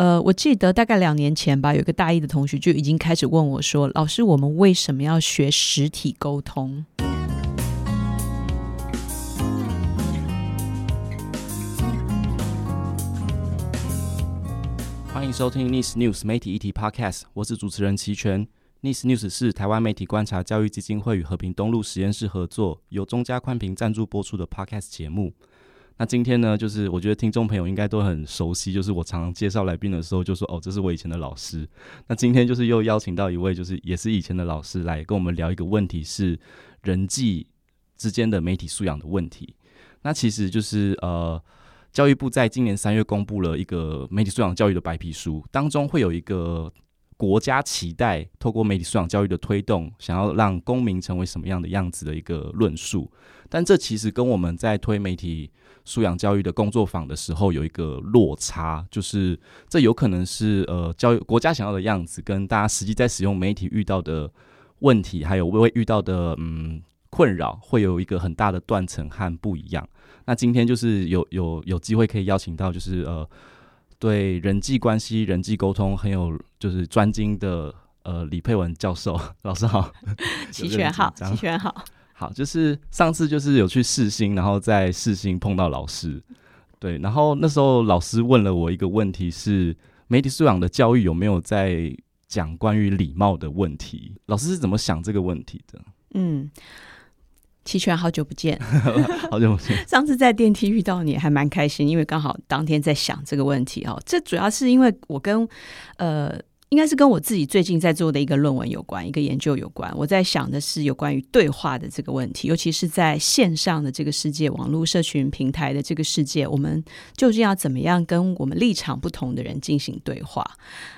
呃，我記得大概兩年前吧，有個大一的同學就已經開始問我說：“老師，我們為什麼要學實體溝通？”歡迎收聽《News News 媒體議題 Podcast》，我是主持人齊全。《News News》是台灣媒體觀察教育基金會與和平東路實驗室合作，由中嘉寬頻贊助播出的 Podcast 節目。那今天呢，就是我覺得聽眾朋友應該都很熟悉，就是我常常介紹來賓的時候就說哦，這是我以前的老師。那今天就是又邀請到一位，就是也是以前的老師來跟我們聊一個問題，是人際之間的媒體素養的問題。那其實就是呃，教育部在今年三月公布了一個媒體素養教育的白皮書，當中會有一個國家期待透過媒體素養教育的推動，想要讓公民成為什麼樣的樣子的一個論述。但這其實跟我們在推媒體。素養教育的工作坊的時候，有一個落差，就是這有可能是呃，教育國家想要的樣子，跟大家實際在使用媒體遇到的問題，還有會遇到的嗯困擾，會有一個很大的斷層和不一樣。那今天就是有有有機會可以邀請到，就是呃，對人際關係、人際溝通很有就是專精的呃李佩雯教授。老師好，齊全好，齊 全好。好，就是上次就是有去世新，然後在世新碰到老師，對，然後那時候老師問了我一個問題是，是媒體素養的教育有沒有在講關於禮貌的問題？老師是怎麼想這個問題的？嗯，齊全，好久不見， 好久不見。 上次在電梯遇到你還蠻開心，因為剛好當天在想這個問題哦。這主要是因為我跟呃。應該是跟我自己最近在做的一個論文有關，一個研究有關。我在想的是有關於對話的這個問題，尤其是在線上的這個世界，網絡社群平台的這個世界，我們究竟要怎麼樣跟我們立場不同的人進行對話？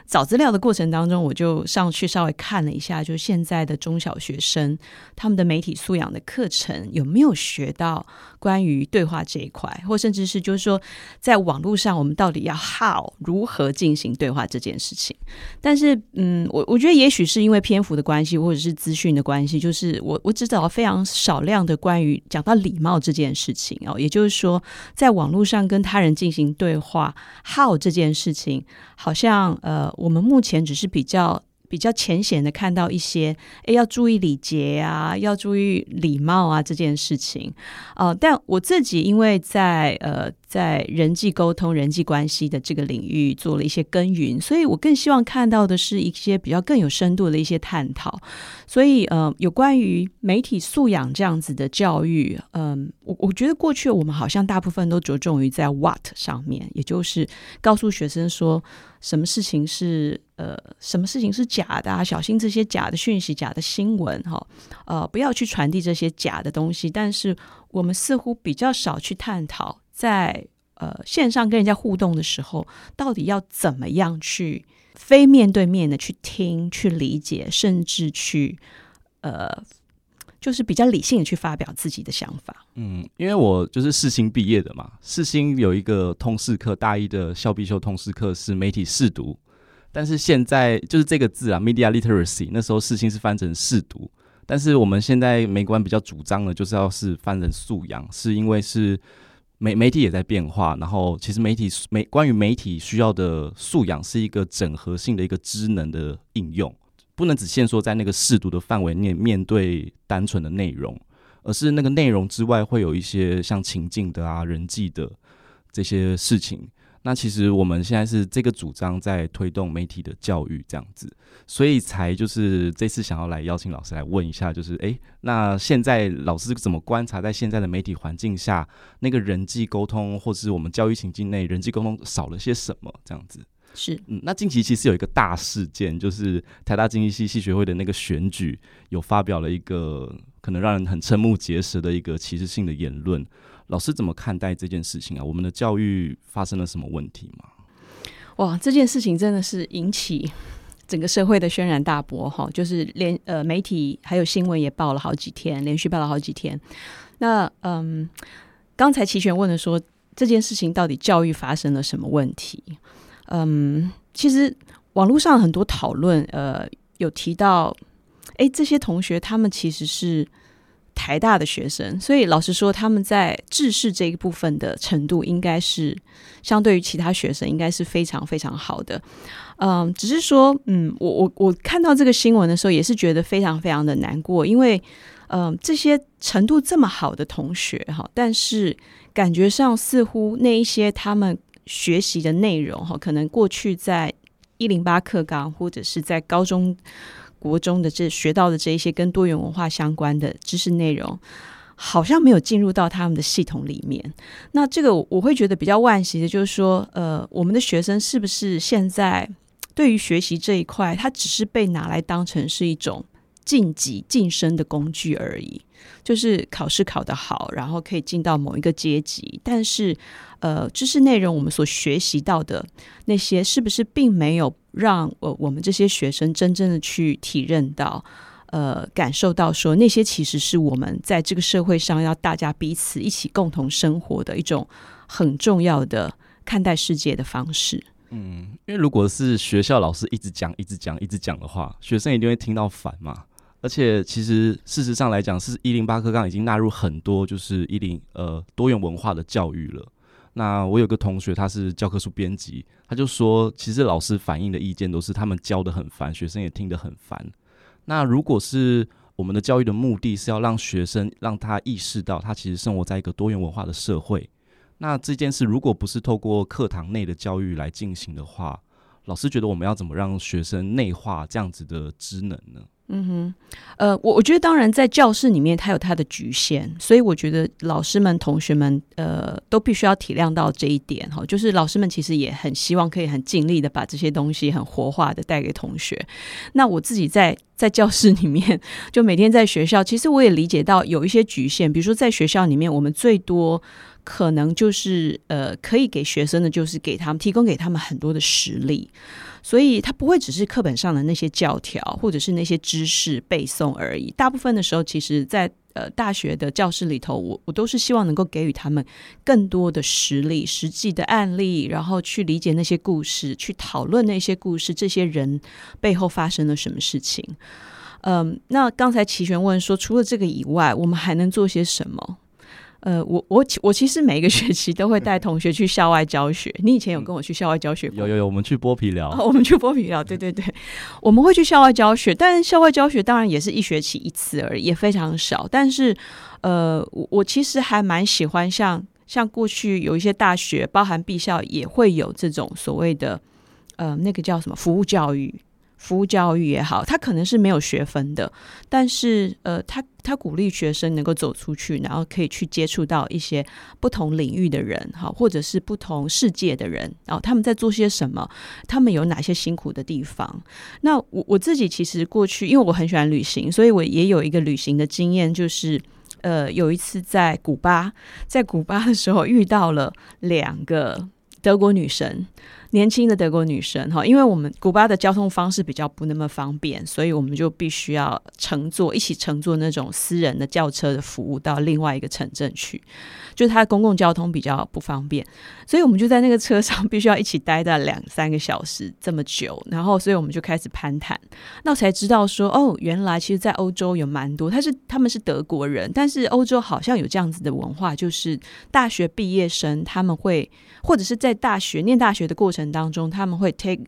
找資料的過程當中，我就上去稍微看了一下，就現在的中小學生他們的媒體素養的課程有沒有學到關於對話這一塊，或甚至是就是說，在網絡上我們到底要 how 如何進行對話這件事情。但是，嗯，我我覺得也許是因為篇幅的關係，或者是資訊的關係，就是我我只找到非常少量的關於講到禮貌這件事情哦，也就是說，在網絡上跟他人進行對話，how 這件事情，好像呃，我們目前只是比較，比較淺顯的看到一些，欸，要注意禮節啊，要注意禮貌啊，這件事情啊、呃。但我自己因為在呃在人際溝通、人際關係的這個領域做了一些耕耘，所以我更希望看到的是一些比較更有深度的一些探討。所以，呃，有關於媒體素養這樣子的教育，嗯，呃，我我覺得過去我們好像大部分都着重於在 what 上面，也就是告訴學生說。什麼事情是呃？什麼事情是假的、啊？小心這些假的訊息、假的新聞，哈、哦，呃，不要去傳遞這些假的東西。但是我們似乎比較少去探討在，在呃線上跟人家互動的時候，到底要怎麼樣去非面對面的去聽、去理解，甚至去呃。就是比較理性的去發表自己的想法。嗯，因為我就是世新畢業的嘛，世新有一個通識課，大一的校必修通識課是媒體識讀，但是現在就是這個字啊，media literacy，那時候世新是翻成識讀，但是我們現在美國比較主張的就是要是翻成素養，是因為是媒媒體也在變化，然後其實媒體媒關於媒體需要的素養是一個整合性的一個知能的應用。不能只限縮在那個識讀的範圍內，面對單純的內容，而是那個內容之外會有一些像情境的啊、人際的這些事情。那其實我們現在是這個主張在推動媒體的教育這樣子，所以才就是這次想要來邀請老師來問一下，就是哎，那現在老師怎麼觀察在現在的媒體環境下，那個人際溝通或是我們教育情境內人際溝通少了些什麼這樣子？是，嗯，那近期其實有一個大事件，就是台大經濟系系學會的那個選舉，有發表了一個可能讓人很瞠目結舌的一個歧視性的言論。老師怎麼看待這件事情啊？我們的教育發生了什麼問題嗎？哇，這件事情真的是引起整個社會的軒然大波哈，哦！就是連呃媒體還有新聞也報了好幾天，連續報了好幾天。那嗯，剛才齊全問的說，這件事情到底教育發生了什麼問題？嗯，其實網絡上很多討論，呃，有提到，哎，這些同學他們其實是台大的學生，所以老實說，他們在知識這一部分的程度，應該是相對於其他學生，應該是非常非常好的。嗯，只是說，嗯，我我我看到這個新聞的時候，也是覺得非常非常的難過，因為，嗯、呃，這些程度這麼好的同學，哈，但是感覺上似乎那一些他們，學習的內容哈，可能過去在一零八課綱或者是在高中、國中的這學到的這一些跟多元文化相關的知識內容，好像沒有進入到他們的系統裡面。那這個我會覺得比較惋惜的，就是說，呃，我們的學生是不是現在對於學習這一塊，他只是被拿來當成是一種。晉級晉升的工具而已，就是考試考得好，然後可以進到某一個階級。但是，呃，知識內容我們所學習到的那些，是不是並沒有讓我、呃、我們這些學生真正的去體認到，呃，感受到說那些其實是我們在這個社會上要大家彼此一起共同生活的一種很重要的看待世界的方式。嗯，因為如果是學校老師一直講、一直講、一直講的話，學生一定會聽到煩嘛。而且，其實事實上來講，是一零八課綱已經納入很多就是一零呃，多元文化的教育了。那我有個同學，他是教科書編輯，他就說，其實老師反映的意見都是，他們教得很煩，學生也聽得很煩。那如果是我們的教育的目的是要讓學生讓他意識到他其實生活在一個多元文化的社會，那這件事如果不是透過課堂內的教育來進行的話，老師覺得我們要怎麼讓學生內化這樣子的知能呢？嗯哼，呃，我我覺得當然在教室裡面，它有它的侷限，所以我覺得老師們、同學們，呃，都必須要體諒到這一點哈。就是老師們其實也很希望可以很盡力的把這些東西很活化的帶給同學。那我自己在在教室裡面，就每天在學校，其實我也理解到有一些侷限，比如說在學校裡面，我們最多可能就是呃，可以給學生的，就是給他們提供給他們很多的實例。所以，它不會只是課本上的那些教條，或者是那些知識背誦而已。大部分的時候，其實在，在呃大學的教室裡頭，我我都是希望能夠給予他們更多的實例、實際的案例，然後去理解那些故事，去討論那些故事，這些人背後發生了什麼事情。嗯、呃，那剛才齊全問說，除了這個以外，我們還能做些什麼？呃，我我我其實每一個學期，都會帶同學去校外教學。 你以前有跟我去校外教學過？有有有，我們去剝皮寮。哦，我們去剝皮寮。對對對， 我們會去校外教學，但校外教學當然也是一學期一次而已，也非常少。但是，呃，我我其實還蠻喜歡像像過去有一些大學，包含敝校，也會有這種所謂的呃，那個叫什麼服務教育。服務教育也好，他可能是沒有學分的，但是呃，他他鼓勵學生能夠走出去，然後可以去接觸到一些不同領域的人，哈，或者是不同世界的人，然後他們在做些什麼，他們有哪些辛苦的地方。那我我自己其實過去，因為我很喜歡旅行，所以我也有一個旅行的經驗，就是呃，有一次在古巴，在古巴的時候遇到了兩個德國女神。年輕的德國女生，哈，因為我們古巴的交通方式比較不那麼方便，所以我們就必須要乘坐一起乘坐那種私人的轎車的服務到另外一個城鎮去，就是它的公共交通比較不方便，所以我們就在那個車上必須要一起待到兩三個小時這麼久，然後所以我們就開始攀談，那我才知道說哦，原來其實在歐洲有蠻多，他是他們是德國人，但是歐洲好像有這樣子的文化，就是大學畢業生他們會或者是在大學念大學的過程，當中他們會 take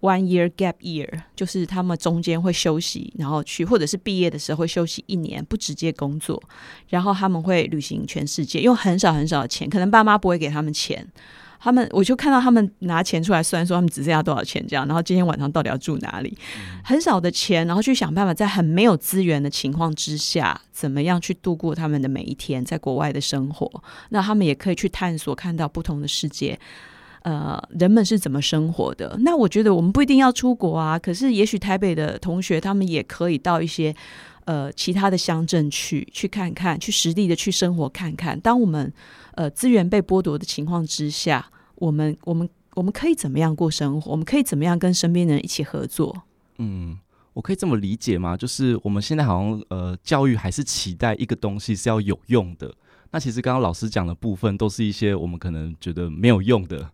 one year gap year，就是他們中間會休息，然後去或者是畢業的時候會休息一年，不直接工作，然後他們會旅行全世界，用很少很少的錢，可能爸媽不會給他們錢，他們我就看到他們拿錢出來算說他們只剩下多少錢這樣，然後今天晚上到底要住哪裡，很少的錢，然後去想辦法在很沒有資源的情況之下，怎麼樣去度過他們的每一天，在國外的生活，那他們也可以去探索，看到不同的世界。呃，人們是怎麼生活的？那我覺得我們不一定要出國啊。可是，也許台北的同學他們也可以到一些呃其他的鄉鎮去去看看，去實地的去生活看看。當我們呃資源被剝奪的情況之下，我們我們我們可以怎麼樣過生活？我們可以怎麼樣跟身邊人一起合作？嗯，我可以這麼理解嗎？就是我們現在好像呃教育還是期待一個東西是要有用的。那其實剛剛老師講的部分都是一些我們可能覺得沒有用的。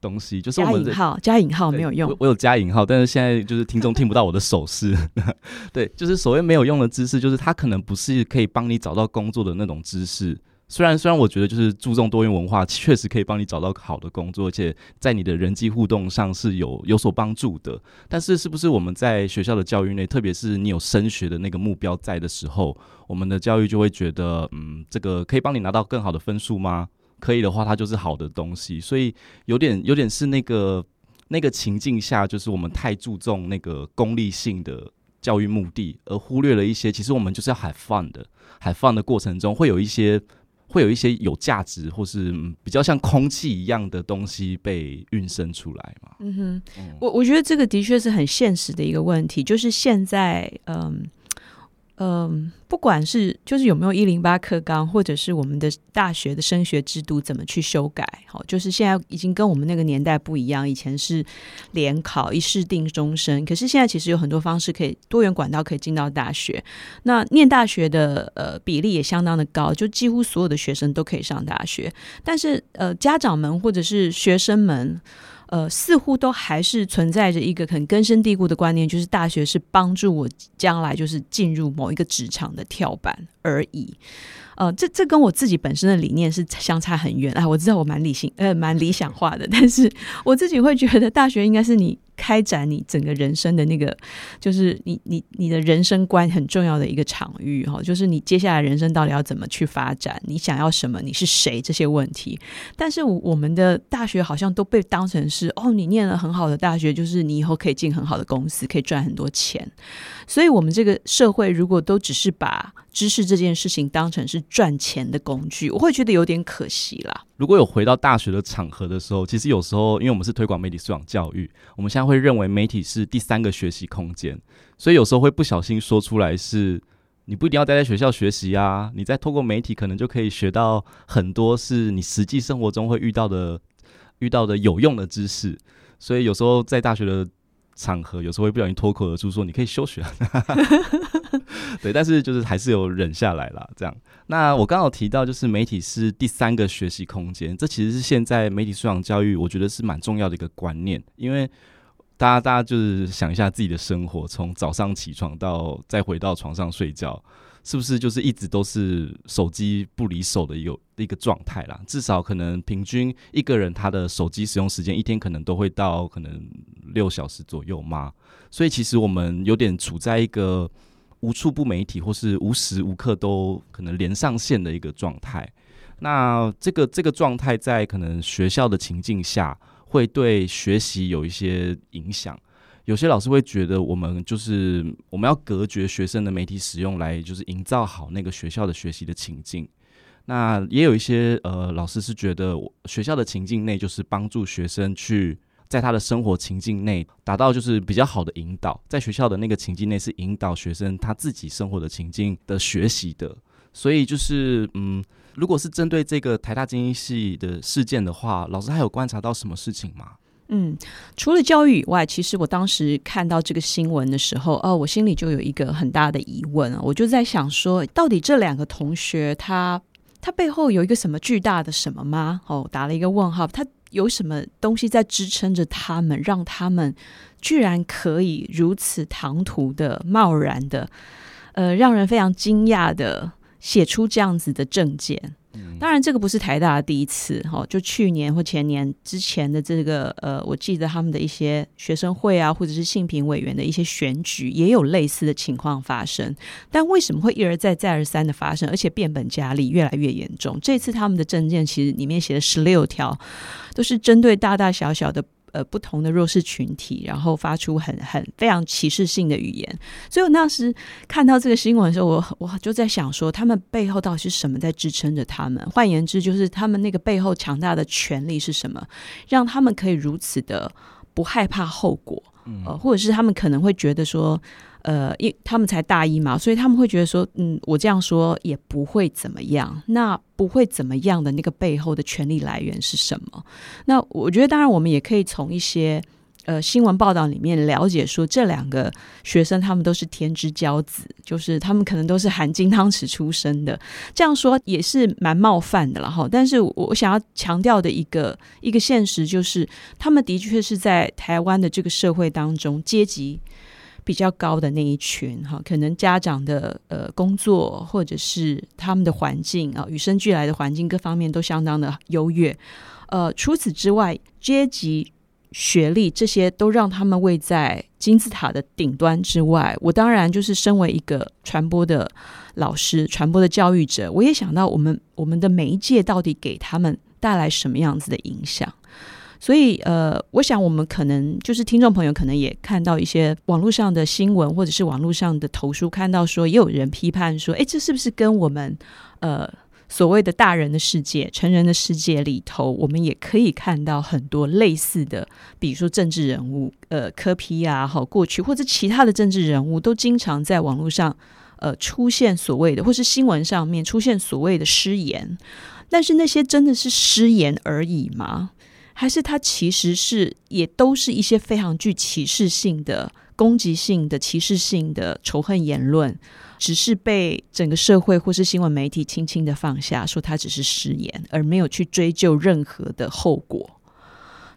東西就是加引號加引號沒有用。欸，我，我有加引號，但是現在就是聽眾聽不到我的手勢。 對，就是所謂沒有用的知識，就是它可能不是可以幫你找到工作的那種知識。雖然雖然我覺得就是注重多元文化確實可以幫你找到好的工作，而且在你的人際互動上是有有所幫助的。但是是不是我們在學校的教育內，特別是你有升學的那個目標在的時候，我們的教育就會覺得，嗯，這個可以幫你拿到更好的分數嗎？可以的話，它就是好的東西，所以有點有點是那個那個情境下，就是我們太注重那個功利性的教育目的，而忽略了一些其實我們就是要 have fun 的 have fun 的過程中，會有一些會有一些有價值或是比較像空氣一樣的東西被孕生出來嘛。嗯哼，我我覺得這個的確是很現實的一個問題，就是現在嗯。嗯，不管是就是有沒有一零八課綱，或者是我們的大學的升學制度怎麼去修改，好、哦，就是現在已經跟我們那個年代不一樣。以前是聯考一試定終身，可是現在其實有很多方式可以多元管道可以進到大學。那念大學的呃比例也相當的高，就幾乎所有的學生都可以上大學。但是呃家長們或者是學生們。呃，似乎都還是存在着一個很根深蒂固的觀念，就是大學是幫助我將來就是進入某一個職場的跳板而已。呃，這這跟我自己本身的理念是相差很遠啊。我知道我蠻理性，呃，蠻理想化的，但是我自己會覺得大學應該是你。開展你整個人生的那個，就是你你你的人生觀很重要的一個場域哈，就是你接下來人生到底要怎麼去發展，你想要什麼，你是誰？這些問題，但是我們的大學好像都被當成是哦，你念了很好的大學，就是你以後可以進很好的公司，可以賺很多錢。所以，我們這個社會如果都只是把。知識這件事情當成是賺錢的工具，我會覺得有點可惜啦。如果有回到大學的場合的時候，其實有時候因為我們是推廣媒體素養教育，我們現在會認為媒體是第三個學習空間，所以有時候會不小心說出來是，你不一定要待在學校學習啊，你再透過媒體可能就可以學到很多是你實際生活中會遇到的，遇到的有用的知識。所以有時候在大學的。場合有時候會不小心脫口而出說：“你可以休學。” 對，但是就是還是有忍下來啦。這樣，那我剛好提到就是媒體是第三個學習空間，這其實是現在媒體素養教育，我覺得是蠻重要的一個觀念。因為大家，大家就是想一下自己的生活，從早上起床到再回到床上睡覺。是不是就是一直都是手機不離手的有一,一個狀態啦？至少可能平均一個人他的手機使用時間一天可能都會到可能六小時左右嘛。所以其實我們有點處在一個無處不媒體或是無時無刻都可能連上線的一個狀態。那這個這個狀態在可能學校的情境下會對學習有一些影響。有些老師會覺得，我們就是我們要隔絕學生的媒體使用，來就是營造好那個學校的學習的情境。那也有一些呃老師是覺得學校的情境內就是幫助學生去在他的生活情境內達到就是比較好的引導，在學校的那個情境內是引導學生他自己生活的情境的學習的。所以就是嗯，如果是針對這個台大經濟系的事件的話，老師還有觀察到什麼事情嗎？嗯，除了教育以外，其實我當時看到這個新聞的時候，哦，我心裡就有一個很大的疑問啊，我就在想說，到底這兩個同學他他背後有一個什麼巨大的什麼嗎？哦，打了一個問號，他有什麼東西在支撐着他們，讓他們居然可以如此唐突的、貿然的，呃，讓人非常驚訝的寫出這樣子的政見。當然，這個不是台大的第一次，哦，就去年或前年之前的這個呃，我記得他們的一些學生會啊，或者是性平委員的一些選舉，也有類似的情況發生。但為什麼會一而再、再而三的發生，而且變本加厲，越來越嚴重？這次他們的政見其實裡面寫了十六條，都是針對大大小小的。呃，不同的弱勢群體，然後發出很很非常歧視性的語言，所以我那時看到這個新聞的時候，我我就在想說，他們背後到底是什麼在支撐着他們？換言之，就是他們那個背後強大的權力是什麼，讓他們可以如此的不害怕後果？呃，或者是他們可能會覺得說。呃，因為他們才大一嘛，所以他們會覺得說，嗯，我這樣說也不會怎麼樣。那不會怎麼樣的那個背後的權力來源是什麼？那我覺得，當然我們也可以從一些呃新聞報道裡面了解，說這兩個學生他們都是天之驕子，就是他們可能都是含金湯匙出身的。這樣說也是蠻冒犯的了哈。但是我想要強調的一個一個現實，就是他們的確是在台灣的這個社會當中階級比較高的那一群哈、啊，可能家長的呃工作或者是他們的環境啊，與生俱來的環境各方面都相當的優越。呃，除此之外，階級、學歷這些都讓他們位在金字塔的頂端之外。我當然就是身為一個傳播的老師、傳播的教育者，我也想到我們我們的媒介到底給他們帶來什麼樣子的影響。所以，呃，我想我們可能就是聽眾朋友可能也看到一些網絡上的新聞，或者是網絡上的投書，看到說，也有人批判說，誒，這是不是跟我們，呃，所謂的大人的世界、成人的世界裡頭，我們也可以看到很多類似的，比如說政治人物，呃，柯 P 啊，好過去或者其他的政治人物都經常在網絡上，呃，出現所謂的，或是新聞上面出現所謂的失言，但是那些真的是失言而已嗎？還是他其實是也都是一些非常具歧視性的、攻擊性的、歧視性的仇恨言論，只是被整個社會或是新聞媒體輕輕地放下，說他只是失言，而沒有去追究任何的後果。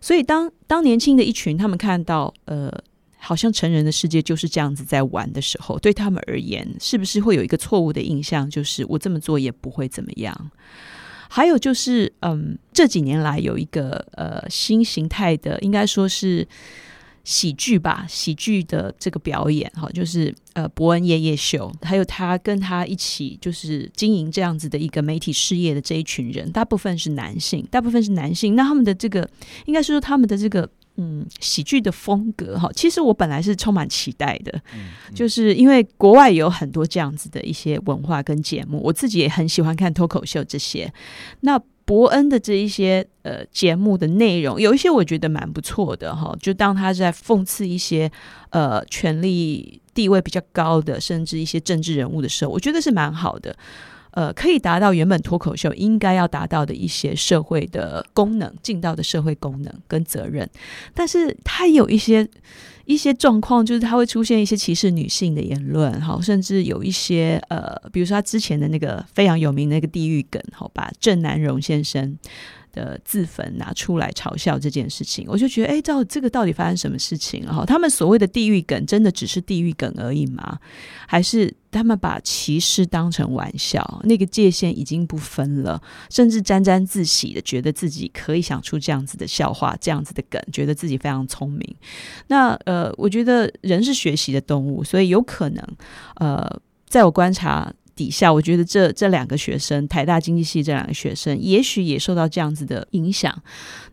所以當，當當年輕的一群他們看到，呃，好像成人的世界就是這樣子在玩的時候，對他們而言，是不是會有一個錯誤的印象，就是我這麼做也不會怎麼樣？還有就是，嗯，這幾年來有一個呃新形態的，應該說是喜劇吧，喜劇的這個表演哈、哦，就是呃博恩夜夜秀，還有他跟他一起就是經營這樣子的一個媒體事業的這一群人，大部分是男性，大部分是男性，那他們的這個，應該是說他們的這個。嗯，喜劇的風格哈，其實我本來是充滿期待的，嗯嗯、就是因為國外有很多這樣子的一些文化跟節目，我自己也很喜歡看脫口秀這些。那博恩的這一些呃節目的內容，有一些我覺得蠻不錯的哈，就當他在諷刺一些呃權力地位比較高的，甚至一些政治人物的時候，我覺得是蠻好的。呃，可以達到原本脫口秀應該要達到的一些社會的功能，盡到的社會功能跟責任，但是它有一些一些狀況，就是它會出現一些歧視女性的言論，好，甚至有一些呃，比如說他之前的那個非常有名的那個地獄梗，好吧，鄭南榕先生。的自焚拿出來嘲笑這件事情，我就覺得，哎、欸，到這個到底發生什麼事情？然、哦、他們所謂的地獄梗，真的只是地獄梗而已嗎？還是他們把歧視當成玩笑？那個界限已經不分了，甚至沾沾自喜的覺得自己可以想出這樣子的笑話，這樣子的梗，覺得自己非常聰明。那呃，我覺得人是學習的動物，所以有可能，呃，在我觀察。底下，我覺得這這兩個學生，台大經濟系這兩個學生，也許也受到這樣子的影響。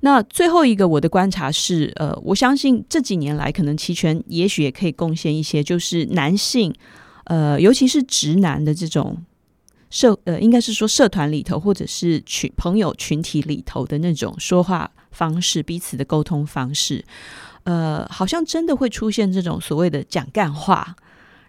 那最後一個，我的觀察是，呃，我相信這幾年來，可能期權也許也可以貢獻一些，就是男性，呃，尤其是直男的這種社，呃，應該是說社團裡頭或者是群朋友群體裡頭的那種說話方式，彼此的溝通方式，呃，好像真的會出現這種所謂的講幹話，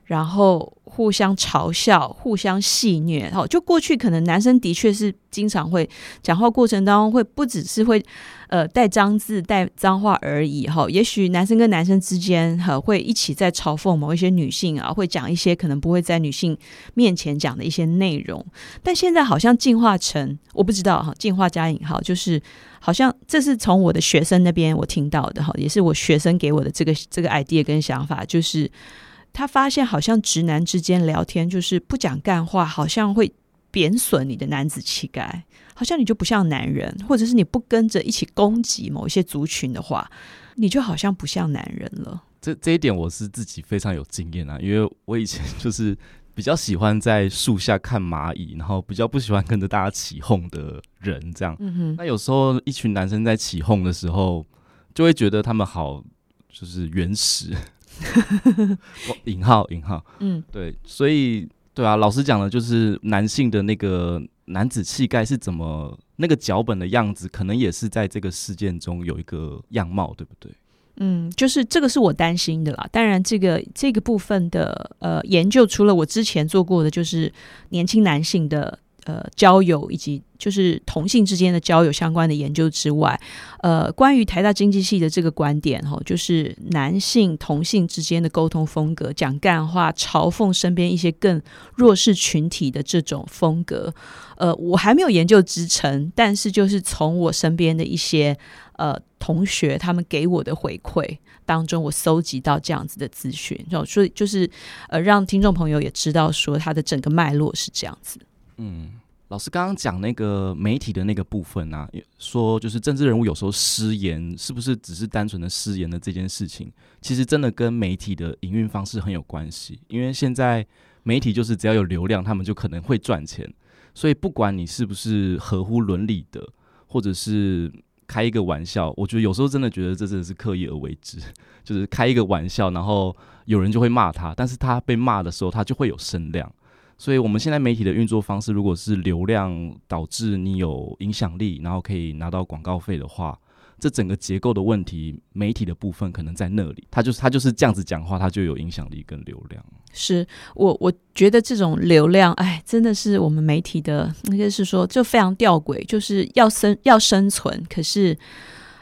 然後。互相嘲笑，互相戲謔，哈，就過去可能男生的確是經常會講話過程當中會不只是會呃帶髒字、帶髒話而已，哈，也許男生跟男生之間哈會一起在嘲諷某一些女性啊，會講一些可能不會在女性面前講的一些內容，但現在好像進化成我不知道哈，進化加引號就是好像這是從我的學生那邊我聽到的哈，也是我學生給我的這個這個 idea 跟想法，就是。他發現，好像直男之間聊天就是不講幹話，好像會貶損你的男子氣概，好像你就不像男人，或者是你不跟着一起攻擊某一些族群的話，你就好像不像男人了。這這一點我是自己非常有經驗啊，因為我以前就是比較喜歡在樹下看螞蟻，然後比較不喜歡跟着大家起哄的人，這樣。嗯哼。那有時候一群男生在起哄的時候，就會覺得他們好就是原始。引號、 哦、引號，引號嗯，對，所以對啊，老實講的就是男性的那個男子氣概是怎麼那個腳本的樣子，可能也是在這個事件中有一個樣貌，對不對？嗯，就是這個是我擔心的啦。當然，這個這個部分的呃研究，除了我之前做過的，就是年輕男性的。呃，交友以及就是同性之間的交友相關的研究之外，呃，關於台大經濟系的這個觀點哈，就是男性同性之間的溝通風格，講幹話、嘲諷身邊一些更弱勢群體的這種風格，呃，我還沒有研究支撐，但是就是從我身邊的一些呃同學他們給我的回饋當中，我蒐集到這樣子的資訊，所以就是呃，讓聽眾朋友也知道說他的整個脈絡是這樣子。嗯，老師剛剛講那個媒體的那個部分啊，說就是政治人物有時候失言，是不是只是單純的失言的這件事情，其實真的跟媒體的營運方式很有關係。因為現在媒體就是只要有流量，他們就可能會賺錢。所以不管你是不是合乎倫理的，或者是開一個玩笑，我覺得有時候真的覺得這真的是刻意而為之，就是開一個玩笑，然後有人就會罵他，但是他被罵的時候，他就會有聲量。所以，我們現在媒體的運作方式，如果是流量導致你有影響力，然後可以拿到廣告費的話，這整個結構的問題，媒體的部分可能在那裡。他就是他就是這樣子講話，他就有影響力跟流量。是我我覺得這種流量，哎，真的是我們媒體的那就是說，就非常弔詭，就是要生要生存，可是。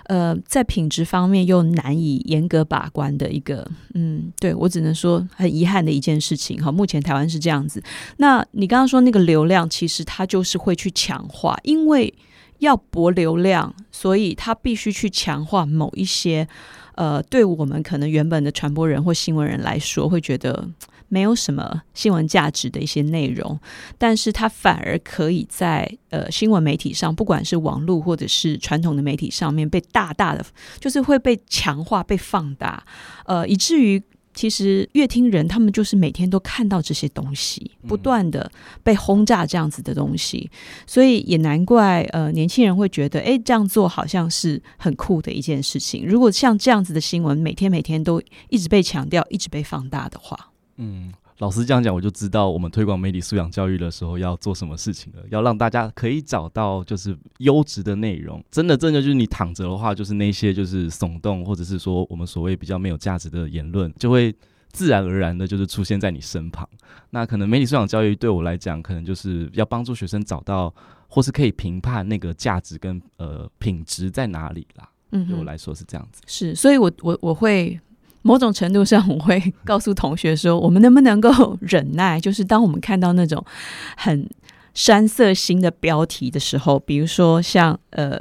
呃，在品質方面又難以嚴格把關的一個，嗯，對，我只能說很遺憾的一件事情哈。目前台灣是這樣子，那你剛剛說那個流量，其實它就是會去強化，因為要博流量，所以它必須去強化某一些，呃，對我們可能原本的傳播人或新聞人來說，會覺得。沒有什麼新聞價值的一些內容，但是它反而可以在呃新聞媒體上，不管是網絡或者是傳統的媒體上面，被大大的就是會被強化、被放大，呃，以至於其實閱聽人他們就是每天都看到這些東西，不斷的被轟炸這樣子的東西，嗯、所以也難怪呃年輕人會覺得，哎，這樣做好像是很酷的一件事情。如果像這樣子的新聞每天每天都一直被強調、一直被放大的話。嗯，老師這樣講，我就知道我們推廣媒體素養教育的時候要做什麼事情了。要讓大家可以找到就是優質的內容，真的真的就是你躺着的話，就是那些就是聳動或者是說我們所謂比較沒有價值的言論，就會自然而然的，就是出現在你身旁。那可能媒體素養教育對我來講，可能就是要幫助學生找到或是可以評判那個價值跟呃品質在哪裡啦。嗯哼，對我來說是這樣子。是，所以我我我會。某種程度上，我會告訴同學說：我們能不能夠忍耐？就是當我們看到那種很羶色腥的標題的時候，比如說像呃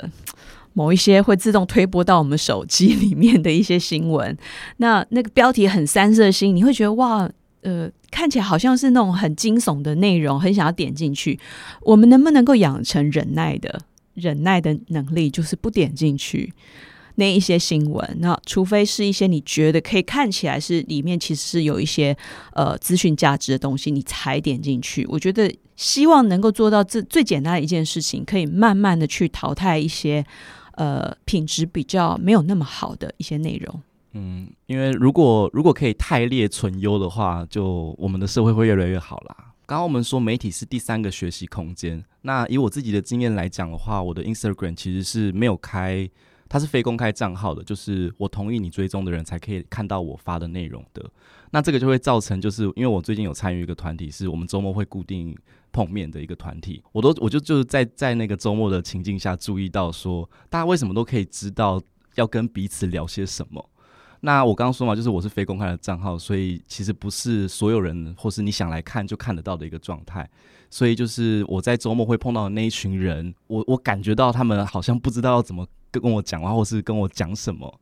某一些會自動推播到我們手機裡面的一些新聞，那那個標題很羶色腥，你會覺得哇，呃，看起來好像是那種很驚悚的內容，很想要點進去。我們能不能夠養成忍耐的忍耐的能力，就是不點進去。那一些新聞，那除非是一些你覺得可以看起來是裡面其實是有一些呃資訊價值的東西，你才點進去。我覺得希望能夠做到這最簡單的一件事情，可以慢慢的去淘汰一些呃品質比較沒有那麼好的一些內容。嗯，因為如果如果可以汰劣存優的話，就我們的社會會越來越好啦。剛剛我們說媒體是第三個學習空間，那以我自己的經驗來講的話，我的 Instagram 其實是沒有開。它是非公開賬號的，就是我同意你追蹤的人才可以看到我發的內容的。那這個就會造成，就是因為我最近有參與一個團體，是我們周末會固定碰面的一個團體。我都我就就是在在那個周末的情境下注意到說，說大家為什麼都可以知道要跟彼此聊些什麼？那我剛剛說嘛，就是我是非公開的賬號，所以其實不是所有人或是你想來看就看得到的一個狀態。所以就是我在周末會碰到的那一群人，我我感覺到他們好像不知道要怎麼跟我講話，啊，或是跟我講什麼，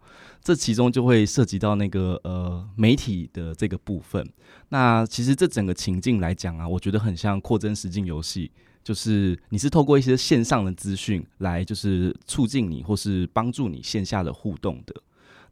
這其中就會涉及到那個呃媒體的這個部分。那其實這整個情境來講啊，我覺得很像擴增實境遊戲，就是你是透過一些線上的資訊來，就是促進你或是幫助你線下的互動的。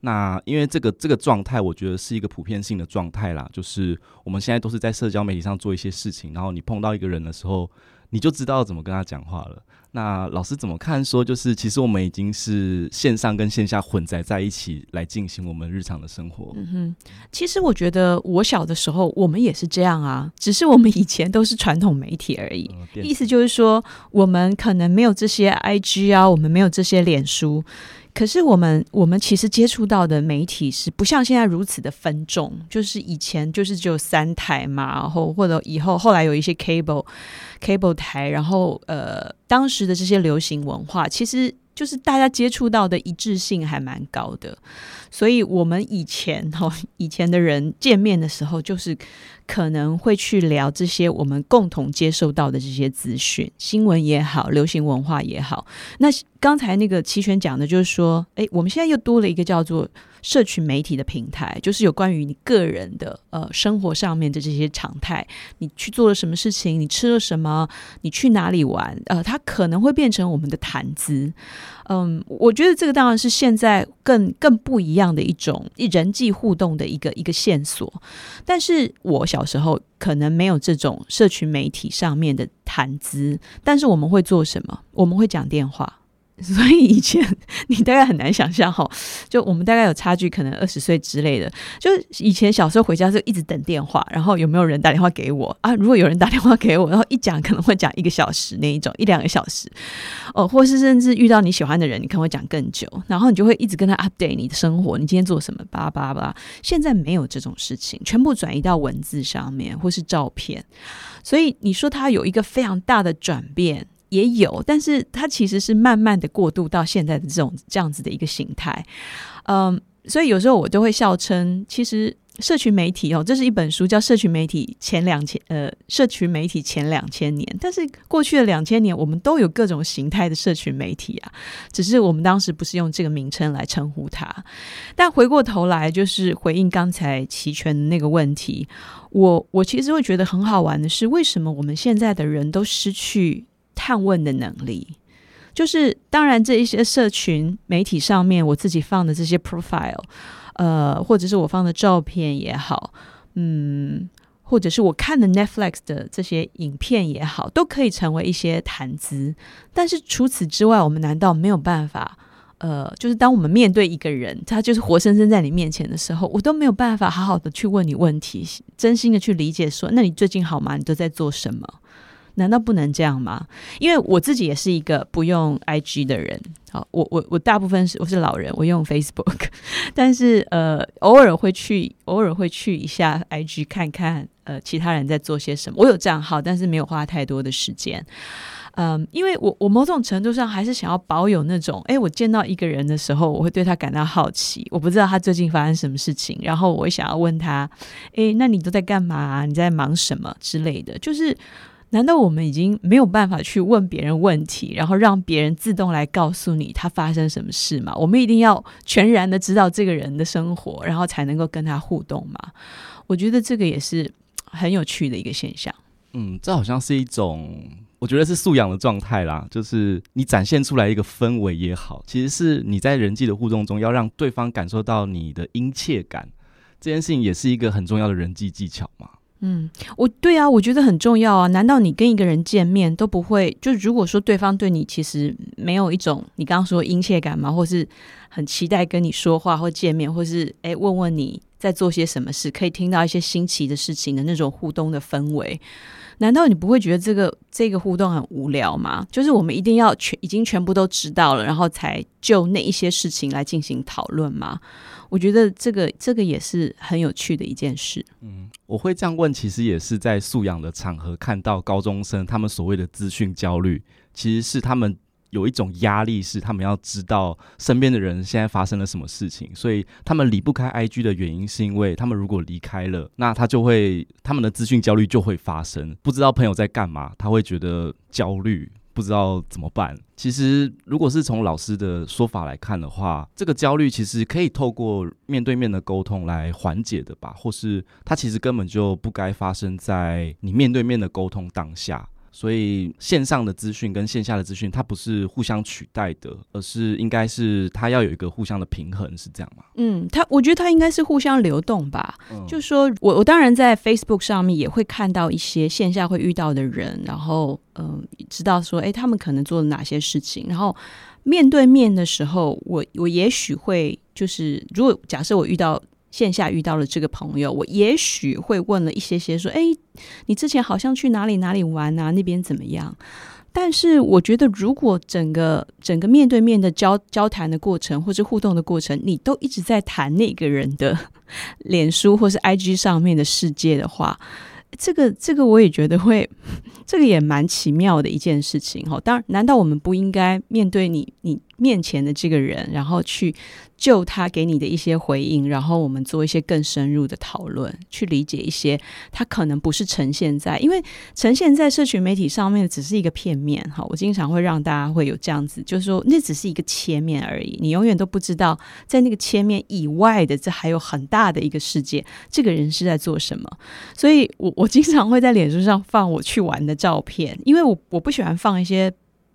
那因為這個這個狀態，我覺得是一個普遍性的狀態啦，就是我們現在都是在社交媒體上做一些事情，然後你碰到一個人的時候，你就知道怎麼跟他講話了。那老師怎麼看？說就是，其實我們已經是線上跟線下混在在一起來進行我們日常的生活。嗯哼，其實我覺得我小的時候我們也是這樣啊，只是我們以前都是傳統媒體而已。 嗯，意思就是說，我們可能沒有這些 IG 啊，我們沒有這些臉書。可是我們我們其實接觸到的媒體是不像現在如此的分眾，就是以前就是只有三台嘛，然後或者以後後來有一些 cable cable 台，然後呃，當時的這些流行文化其實。就是大家接觸到的一致性還蠻高的，所以我們以前哦，以前的人見面的時候，就是可能會去聊這些我們共同接受到的這些資訊，新聞也好，流行文化也好。那剛才那個齊全講的就是說，哎、欸，我們現在又多了一個叫做。社群媒體的平台，就是有關於你個人的呃生活上面的這些常態，你去做了什麼事情，你吃了什麼，你去哪裡玩，呃，它可能會變成我們的談資。嗯，我覺得這個當然是現在更更不一樣的一種人際互動的一個一個線索。但是我小時候可能沒有這種社群媒體上面的談資，但是我們會做什麼？我們會講電話。所以以前你大概很難想象齁，就我們大概有差距，可能二十歲之類的。就以前小時候回家就一直等電話，然後有沒有人打電話給我啊？如果有人打電話給我，然後一講可能會講一個小時那一種，一兩個小時哦，或是甚至遇到你喜歡的人，你可能會講更久，然後你就會一直跟他 update 你的生活，你今天做什麼，叭叭叭。現在沒有這種事情，全部轉移到文字上面或是照片，所以你說他有一個非常大的轉變。也有，但是它其實是慢慢的過渡到現在的這種這樣子的一個形態，嗯，所以有時候我都會笑稱，其實社群媒體哦，這是一本書叫《社群媒體前兩千》，呃，社群媒體前兩千年，但是過去的兩千年，我們都有各種形態的社群媒體啊，只是我們當時不是用這個名稱來稱呼它。但回過頭來，就是回應剛才齊全的那個問題，我我其實會覺得很好玩的是，為什麼我們現在的人都失去，探問的能力，就是當然這一些社群媒體上面我自己放的這些 profile，呃，或者是我放的照片也好，嗯，或者是我看的 Netflix 的這些影片也好，都可以成為一些談資。但是除此之外，我們難道沒有辦法？呃，就是當我們面對一個人，他就是活生生在你面前的時候，我都沒有辦法好好的去問你問題，真心的去理解說，那你最近好嗎？你都在做什麼？難道不能這樣嗎？因為我自己也是一個不用 IG 的人。好，我我我大部分是我是老人，我用 Facebook，但是呃，偶爾會去偶爾會去一下 IG 看看。呃，其他人在做些什麼？我有賬號，但是沒有花太多的時間。嗯、呃，因為我我某種程度上還是想要保有那種，哎、欸，我見到一個人的時候，我會對他感到好奇，我不知道他最近發生什麼事情，然後我會想要問他，哎、欸，那你都在幹嘛、啊？你在忙什麼之類的？就是。難道我們已經沒有辦法去問別人問題，然後讓別人自動來告訴你他發生什麼事嗎？我們一定要全然的知道這個人的生活，然後才能夠跟他互動嗎？我覺得這個也是很有趣的一個現象。嗯，這好像是一種我覺得是素養的狀態啦，就是你展現出來一個氛圍也好，其實是你在人際的互動中要讓對方感受到你的殷切感，這件事情也是一個很重要的人際技巧嘛。嗯，我對啊，我覺得很重要啊。難道你跟一個人見面都不會？就是如果說對方對你其實沒有一種你剛剛說的殷切感嗎？或是很期待跟你說話或見面，或是誒、欸，問問你在做些什麼事，可以聽到一些新奇的事情的那種互動的氛圍。難道你不會覺得這個這個互動很無聊嗎？就是我們一定要全，已經全部都知道了，然後才就那一些事情來進行討論嗎？我覺得這個這個也是很有趣的一件事。嗯，我會這樣問，其實也是在素養的場合看到高中生他們所謂的資訊焦慮，其實是他們。有一種壓力是他們要知道身邊的人現在發生了什麼事情，所以他們離不開 IG 的原因是因為他們如果離開了，那他就會他們的資訊焦慮就會發生，不知道朋友在幹嘛，他會覺得焦慮，不知道怎麼辦。其實，如果是從老師的說法來看的話，這個焦慮其實可以透過面對面的溝通來緩解的吧，或是他其實根本就不該發生在你面對面的溝通當下。所以線上的資訊跟線下的資訊，它不是互相取代的，而是應該是它要有一個互相的平衡，是這樣嗎？嗯，它我覺得它應該是互相流動吧。嗯、就是說我我當然在 Facebook 上面也會看到一些線下會遇到的人，然後嗯，知道說誒、欸，他們可能做了哪些事情，然後面對面的時候，我我也許會就是如果假設我遇到。線下遇到了這個朋友，我也許會問了一些些，說：“哎，你之前好像去哪裡哪裡玩啊？那邊怎麼樣？”但是我覺得，如果整個整個面對面的交交談的過程，或是互動的過程，你都一直在談那個人的臉書或是 IG 上面的世界的話，這個這個我也覺得會，這個也蠻奇妙的一件事情哦。當然，難道我們不應該面對你你面前的這個人，然後去？就他給你的一些回應，然後我們做一些更深入的討論，去理解一些他可能不是呈現在。因為呈現在社群媒體上面只是一個片面。哈，我經常會讓大家會有這樣子，就是說那只是一個切面而已。你永遠都不知道在那個切面以外的，這還有很大的一個世界，這個人是在做什麼？所以我我經常會在臉書上放我去玩的照片，因為我我不喜歡放一些。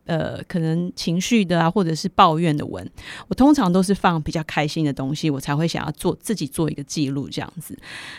呃，可能情緒的啊，或者是抱怨的文，我通常都是放比較開心的東西，我才會想要做自己做一個記錄這樣子。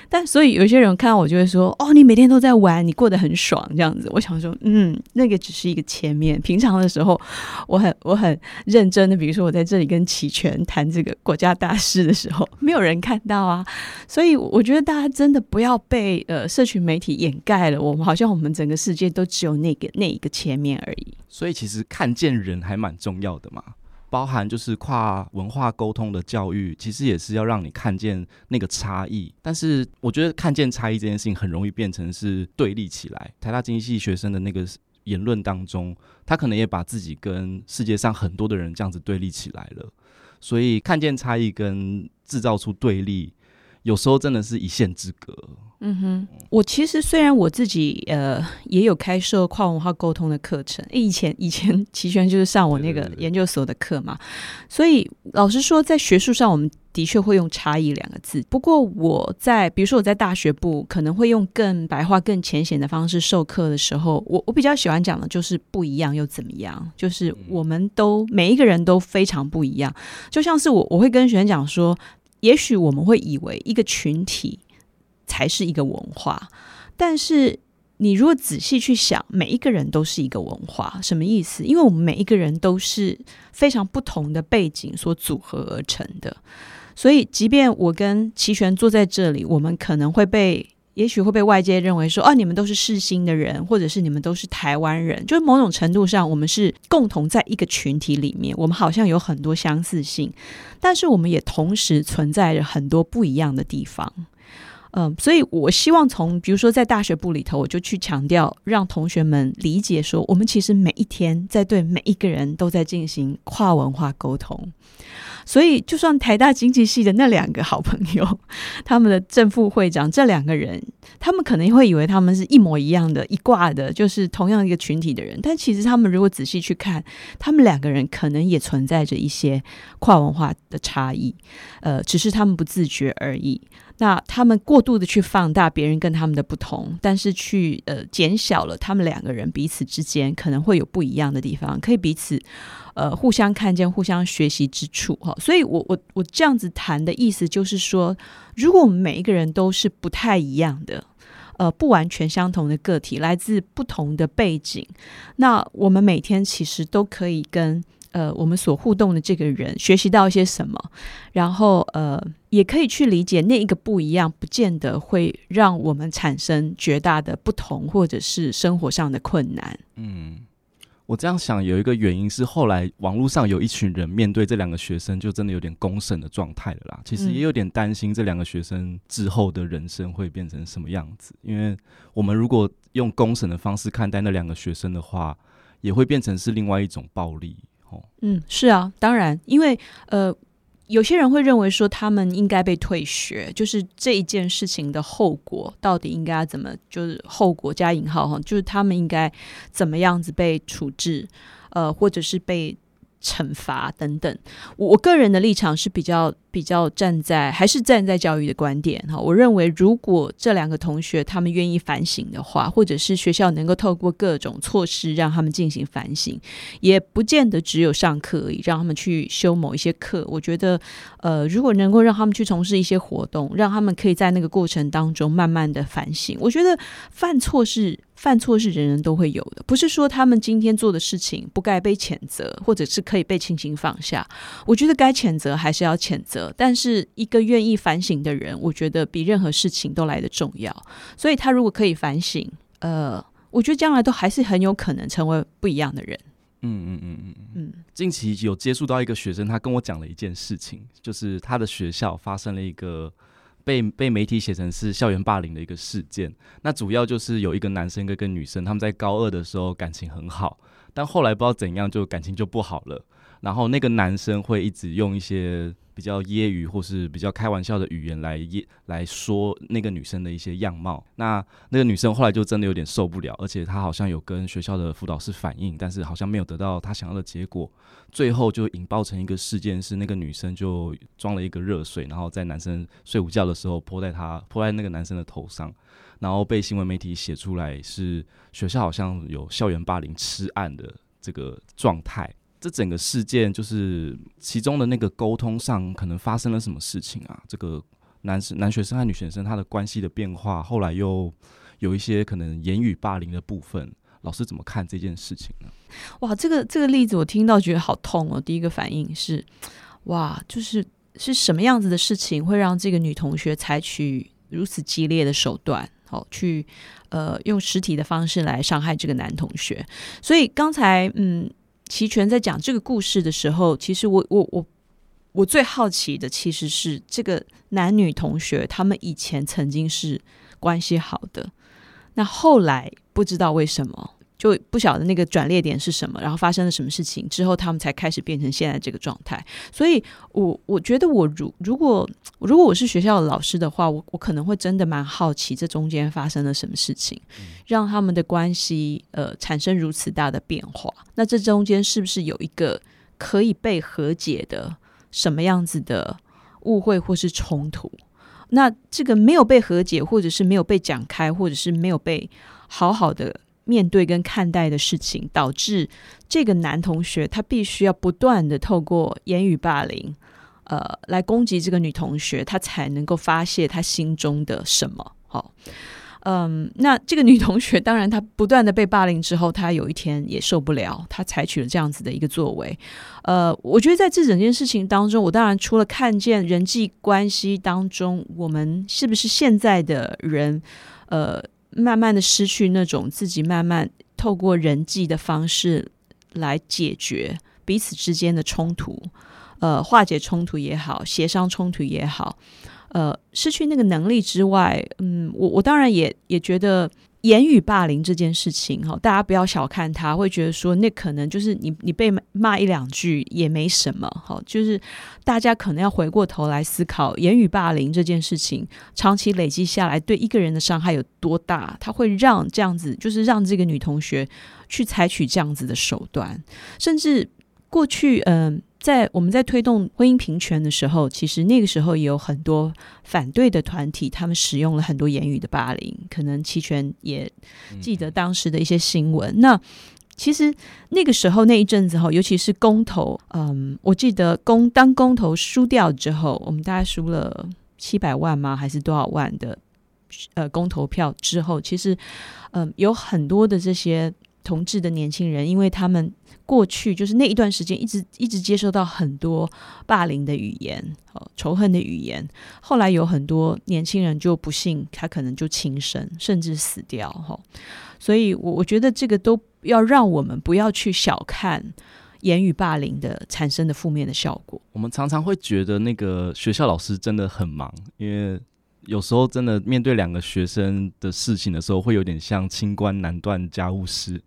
但所以有些人看到我就會說，哦，你每天都在玩，你過得很爽這樣子。我想說，嗯，那個只是一個前面。平常的時候，我很我很認真的，比如說我在這裡跟齊全談這個國家大事的時候，沒有人看到啊。所以我覺得大家真的不要被呃社群媒體掩蓋了，我們好像我們整個世界都只有那個那一個前面而已。所以其實。看見人還蠻重要的嘛，包含就是跨文化溝通的教育，其實也是要讓你看見那個差異。但是我覺得看見差異這件事情很容易變成是對立起來。台大經濟系學生的那個言論當中，他可能也把自己跟世界上很多的人這樣子對立起來了。所以看見差異跟製造出對立，有時候真的是一線之隔。嗯哼，我其實雖然我自己呃也有開設跨文化溝通的課程，哎，以前以前齊全就是上我那個研究所的課嘛，對對對對，所以老實說，在學術上我們的確會用“差異”兩個字。不過我在比如說我在大學部可能會用更白話、更淺顯的方式授課的時候，我我比較喜歡講的就是不一樣又怎麼樣？就是我們都每一個人都非常不一樣，就像是我我會跟學生講說，也許我們會以為一個群體，才是一個文化，但是你如果仔細去想，每一個人都是一個文化，什麼意思？因為我們每一個人都是非常不同的背景所組合而成的，所以即便我跟齊全坐在這裡，我們可能會被，也許會被外界認為說，哦、啊，你們都是世新的人，或者是你們都是台灣人，就是某種程度上，我們是共同在一個群體裡面，我們好像有很多相似性，但是我們也同時存在着很多不一樣的地方。嗯，所以我希望從比如說在大學部裡頭，我就去強調，讓同學們理解說，我們其實每一天在對每一個人都在進行跨文化溝通。所以，就算台大經濟系的那兩個好朋友，他們的正副會長這兩個人，他們可能會以為他們是一模一樣的、一掛的，就是同樣一個群體的人。但其實他們如果仔細去看，他們兩個人可能也存在着一些跨文化的差異，呃，只是他們不自覺而已。那他們過度地去放大別人跟他們的不同，但是去呃減小了他們兩個人彼此之間可能會有不一樣的地方，可以彼此呃互相看見、互相學習之處哈、哦。所以我，我我我這樣子談的意思就是說，如果我們每一個人都是不太一樣的，呃，不完全相同的個體，來自不同的背景，那我們每天其實都可以跟。呃，我們所互動的這個人學習到一些什麼，然後呃，也可以去理解那一個不一樣，不見得會讓我們產生絕大的不同，或者是生活上的困難。嗯，我這樣想有一個原因是，後來網絡上有一群人面對這兩個學生，就真的有點公審的狀態了啦。其實也有點擔心這兩個學生之後的人生會變成什麼樣子，嗯。因為我們如果用公審的方式看待那兩個學生的話，也會變成是另外一種暴力。嗯，是啊，當然，因為呃，有些人會認為說他們應該被退學，就是這一件事情的後果到底應該怎麼，就是後果加引號哈，就是他們應該怎麼樣子被處置，呃，或者是被。懲罰等等，我我個人的立場是比較比較站在還是站在教育的觀點哈。我認為，如果這兩個同學他們願意反省的話，或者是學校能夠透過各種措施讓他們進行反省，也不見得只有上課而已，讓他們去修某一些課。我覺得，呃，如果能夠讓他們去從事一些活動，讓他們可以在那個過程當中慢慢的反省。我覺得犯錯是。犯錯是人人都會有的，不是說他們今天做的事情不該被譴責，或者是可以被輕輕放下。我覺得該譴責還是要譴責，但是一個願意反省的人，我覺得比任何事情都來得重要。所以他如果可以反省，呃，我覺得將來都還是很有可能成為不一樣的人。嗯嗯嗯嗯。嗯，嗯，近期有接觸到一個學生，他跟我講了一件事情，就是他的學校發生了一個。被被媒體寫成是校園霸凌的一個事件，那主要就是有一個男生跟跟女生，他們在高二的時候感情很好，但後來不知道怎樣就感情就不好了，然後那個男生會一直用一些。比較揶揄或是比較開玩笑的語言來來，說那個女生的一些樣貌。那那個女生後來就真的有點受不了，而且她好像有跟學校的輔導師反映，但是好像沒有得到她想要的結果。最後就引爆成一個事件，是那個女生就裝了一個熱水，然後在男生睡午覺的時候潑在她潑在那個男生的頭上，然後被新聞媒體寫出來，是學校好像有校園霸凌吃案的這個狀態。這整個事件就是其中的那個溝通上可能發生了什麼事情啊？這個男生、男學生和女學生他的關係的變化，後來又有一些可能言語霸凌的部分，老師怎麼看這件事情呢？哇，這個這個例子我聽到覺得好痛哦！第一個反應是，哇，就是是什麼樣子的事情會讓這個女同學採取如此激烈的手段，好、哦、去呃用實體的方式來傷害這個男同學。所以剛才嗯。齊全在講這個故事的時候，其實我我我我最好奇的其實是這個男女同學，他們以前曾經是關係好的，那後來不知道為什麼。就不曉得那個轉捩點是什麼，然後發生了什麼事情之後，他們才開始變成現在這個狀態。所以我，我我覺得，我如如果如果我是學校的老師的話，我我可能會真的蠻好奇，這中間發生了什麼事情，嗯、讓他們的關係呃產生如此大的變化。那這中間是不是有一個可以被和解的什麼樣子的誤會或是衝突？那這個沒有被和解，或者是沒有被講開，或者是沒有被好好的。面對跟看待的事情，導致這個男同學他必須要不斷的透過言語霸凌，呃，來攻擊這個女同學，他才能夠發泄他心中的什麼？好，哦，嗯，那這個女同學當然她不斷的被霸凌之後，她有一天也受不了，她採取了這樣子的一個作為。呃，我覺得在這整件事情當中，我當然除了看見人際關係當中，我們是不是現在的人，呃。慢慢的失去那種自己慢慢透過人際的方式來解決彼此之間的衝突，呃，化解衝突也好，協商衝突也好，呃，失去那個能力之外，嗯，我我當然也也覺得。言語霸凌這件事情，哈，大家不要小看他，會覺得說那可能就是你你被罵一兩句也沒什麼，哈，就是大家可能要回過頭來思考言語霸凌這件事情，長期累積下來對一個人的傷害有多大？它會讓這樣子，就是讓這個女同學去採取這樣子的手段，甚至過去，嗯、呃。在我們在推動婚姻平權的時候，其實那個時候也有很多反對的團體，他們使用了很多言語的霸凌。可能齊全也記得當時的一些新聞。嗯、那其實那個時候那一陣子吼，尤其是公投，嗯，我記得公當公投輸掉之後，我們大概輸了七百萬嗎？還是多少萬的？呃，公投票之後，其實嗯，有很多的這些。同志的年輕人，因為他們過去就是那一段時間一直一直接受到很多霸凌的語言、哦、仇恨的語言，後來有很多年輕人就不幸，他可能就輕生，甚至死掉。哦，所以我，我我覺得這個都要讓我們不要去小看言語霸凌的產生的負面的效果。我們常常會覺得那個學校老師真的很忙，因為有時候真的面對兩個學生的事情的時候，會有點像清官難斷家務事。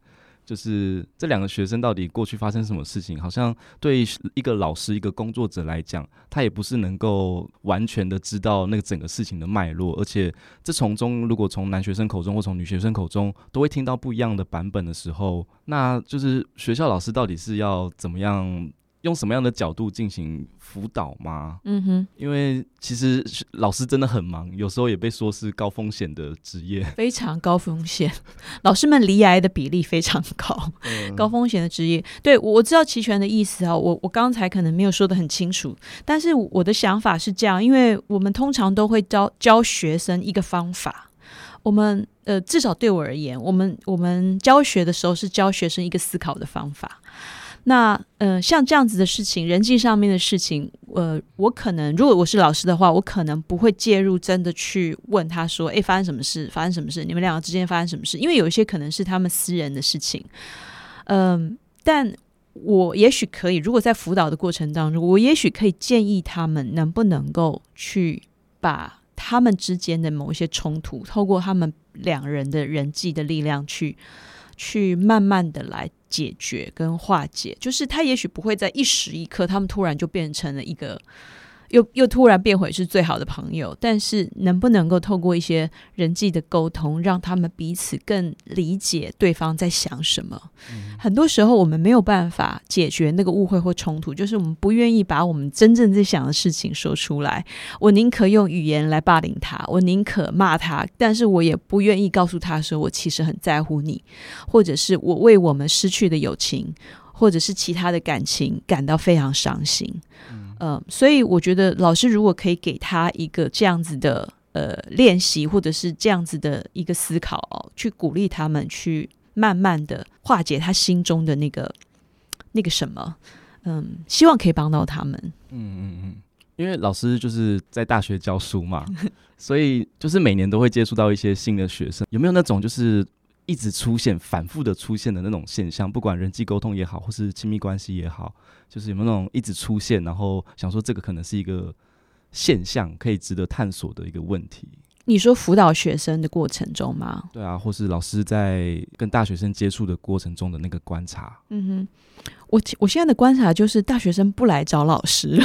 就是這兩個學生到底過去發生什麼事情，好像對一個老師、一個工作者來講，他也不是能夠完全的知道那個整個事情的脈絡。而且這從中，如果從男學生口中或從女學生口中，都會聽到不一樣的版本的時候，那就是學校老師到底是要怎麼樣？用什麼樣的角度進行輔導嗎？嗯哼，因為其實老師真的很忙，有時候也被說是高風險的職業，非常高風險。老師們罹癌的比例非常高，嗯、高風險的職業。對，我知道齊全的意思啊、哦，我我剛才可能沒有說得很清楚，但是我的想法是這樣，因為我們通常都會教教學生一個方法，我們呃至少對我而言，我們我們教學的時候是教學生一個思考的方法。那，呃，像這樣子的事情，人際上面的事情，呃，我可能如果我是老師的話，我可能不會介入，真的去問他說，欸，發生什麼事？發生什麼事？你們兩個之間發生什麼事？因為有一些可能是他們私人的事情，嗯，但我也許可以，如果在輔導的過程當中，我也許可以建議他們能不能夠去把他們之間的某一些衝突，透過他們兩人的人際的力量去。去慢慢的來解決跟化解，就是他也許不會在一時一刻，他們突然就變成了一個。又又突然變回是最好的朋友，但是能不能夠透過一些人際的溝通，讓他們彼此更理解對方在想什麼？嗯、很多時候我們沒有辦法解決那個誤會或衝突，就是我們不願意把我們真正在想的事情說出來。我寧可用語言來霸凌他，我寧可罵他，但是我也不願意告訴他，說我其實很在乎你，或者是我為我們失去的友情，或者是其他的感情感到非常傷心。嗯嗯，所以我覺得老師如果可以給他一個這樣子的呃練習，或者是這樣子的一個思考哦，去鼓勵他們去慢慢的化解他心中的那個那個什麼，嗯，希望可以幫到他們。嗯嗯嗯，因為老師就是在大學教書嘛， 所以就是每年都會接觸到一些新的學生，有沒有那種就是。一直出現、反覆的出現的那種現象，不管人際溝通也好，或是親密關係也好，就是有沒有那種一直出現，然後想說這個可能是一個現象，可以值得探索的一個問題。你說輔導學生的過程中嗎？對啊，或是老師在跟大學生接觸的過程中的那個觀察。嗯哼，我我現在的觀察就是大學生不來找老師。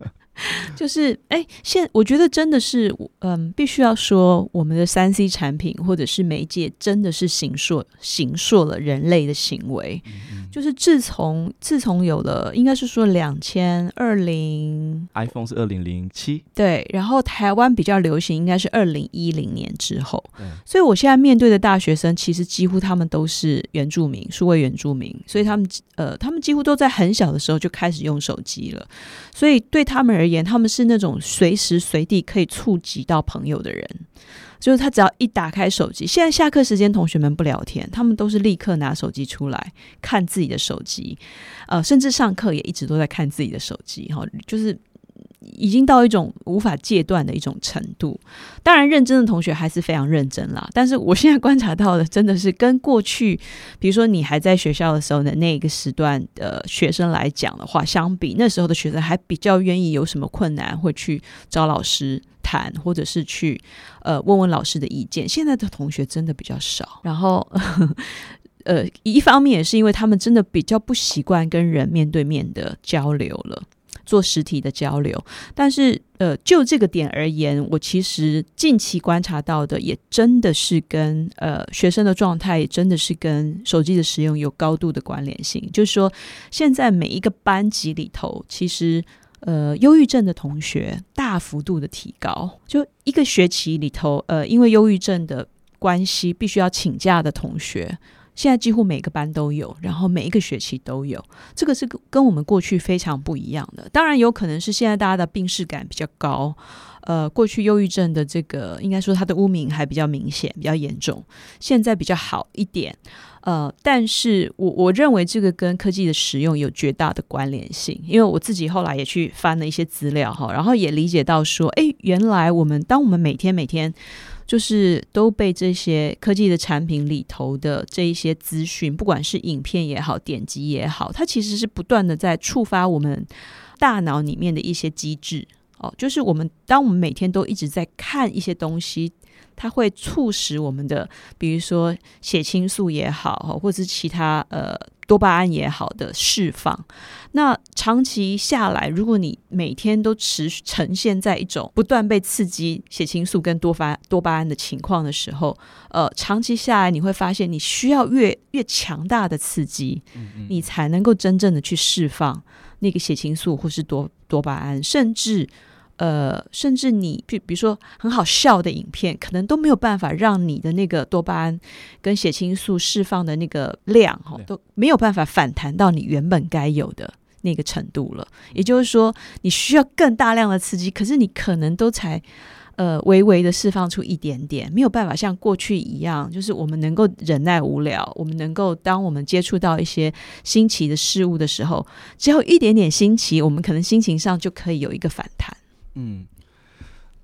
就是，哎、欸，現我覺得真的是，嗯，必須要說，我們的三 C 產品或者是媒介，真的是形塑形塑了人類的行為。嗯嗯就是自從自從有了，應該是說兩千二零，iPhone 是二零零七，對，然後台灣比較流行應該是二零一零年之後，嗯，所以我現在面對的大學生其實幾乎他們都是原住民，數位原住民，所以他們呃他們幾乎都在很小的時候就開始用手機了，所以對他們而言，他們是那種隨時隨地可以觸及到朋友的人。就是他只要一打開手機，現在下課時間同學們不聊天，他們都是立刻拿手機出來看自己的手機，呃，甚至上課也一直都在看自己的手機，齁，就是。已經到一種無法戒斷的一種程度。當然，認真的同學還是非常認真啦。但是我現在觀察到的，真的是跟過去，比如說你還在學校的時候的那個時段的學生來講的話，相比那時候的學生還比較願意有什麼困難會去找老師談，或者是去，呃，問問老師的意見。現在的同學真的比較少。然後呵呵，呃，一方面也是因為他們真的比較不習慣跟人面對面的交流了。做實體的交流，但是呃，就這個點而言，我其實近期觀察到的也真的是跟呃學生的狀態，也真的是跟手機的使用有高度的關聯性。就是說，現在每一個班級裡頭，其實呃，憂鬱症的同學大幅度的提高，就一個學期裡頭，呃，因為憂鬱症的關係必須要請假的同學。現在幾乎每個班都有，然後每一個學期都有，這個是跟我們過去非常不一樣的。當然，有可能是現在大家的病識感比較高，呃，過去憂鬱症的這個應該說它的污名還比較明顯、比較嚴重，現在比較好一點。呃，但是我我認為這個跟科技的使用有絕大的關聯性，因為我自己後來也去翻了一些資料哈，然後也理解到說，哎，原來我們當我們每天每天。就是都被這些科技的產品裡頭的這一些資訊，不管是影片也好，點擊也好，它其實是不斷的在觸發我們大腦裡面的一些機制。哦，就是我們當我們每天都一直在看一些東西，它會促使我們的，比如說血清素也好，或者是其他呃。多巴胺也好的釋放，那長期下來，如果你每天都持呈現在一種不斷被刺激血清素跟多巴多巴胺的情況的時候，呃，長期下來你會發現，你需要越越強大的刺激，嗯嗯你才能夠真正的去釋放那個血清素或是多多巴胺，甚至。呃，甚至你，比比如說很好笑的影片，可能都沒有辦法讓你的那個多巴胺跟血清素釋放的那個量哈，都沒有辦法反彈到你原本該有的那個程度了。也就是說，你需要更大量的刺激，可是你可能都才呃微微的釋放出一點點，沒有辦法像過去一樣，就是我們能夠忍耐無聊，我們能夠當我們接觸到一些新奇的事物的時候，只要一點點新奇，我們可能心情上就可以有一個反彈。嗯，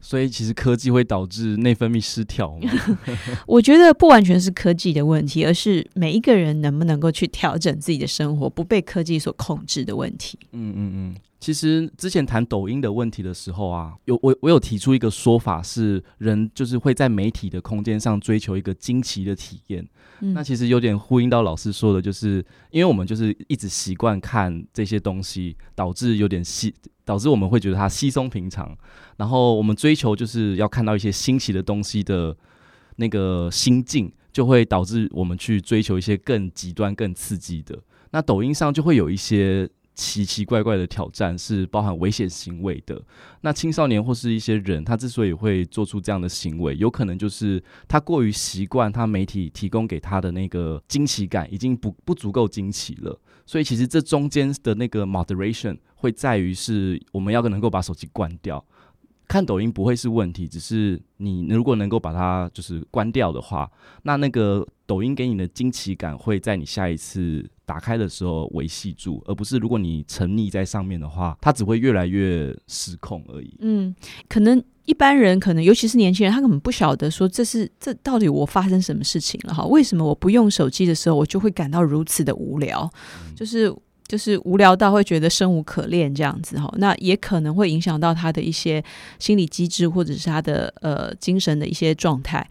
所以其實科技會導致內分泌失調。 我覺得不完全是科技的問題，而是每一個人能不能夠去調整自己的生活，不被科技所控制的問題。嗯嗯嗯。其實之前談抖音的問題的時候啊，有我我有提出一個說法是，人就是會在媒體的空間上追求一個驚奇的體驗。嗯。那其實有點呼應到老師說的，就是因為我們就是一直習慣看這些東西，導致有點稀，導致我們會覺得它稀鬆平常。然後我們追求就是要看到一些新奇的東西的那個心境，就會導致我們去追求一些更極端、更刺激的。那抖音上就會有一些。奇奇怪怪的挑戰是包含危險行為的。那青少年或是一些人，他之所以會做出這樣的行為，有可能就是他過於習慣他媒體提供給他的那個驚奇感，已經不不足夠驚奇了。所以其實這中間的那個 moderation 會在於是，我們要能夠把手機關掉，看抖音不會是問題。只是你如果能夠把它就是關掉的話，那那個。抖音給你的驚奇感會在你下一次打開的時候維繫住，而不是如果你沉溺在上面的話，它只會越來越失控而已。嗯，可能一般人可能尤其是年輕人，他可能不曉得說這是這到底我發生什麼事情了哈？為什麼我不用手機的時候，我就會感到如此的無聊？嗯，就是就是無聊到會覺得生無可戀這樣子哈？那也可能會影響到他的一些心理機制，或者是他的呃精神的一些狀態。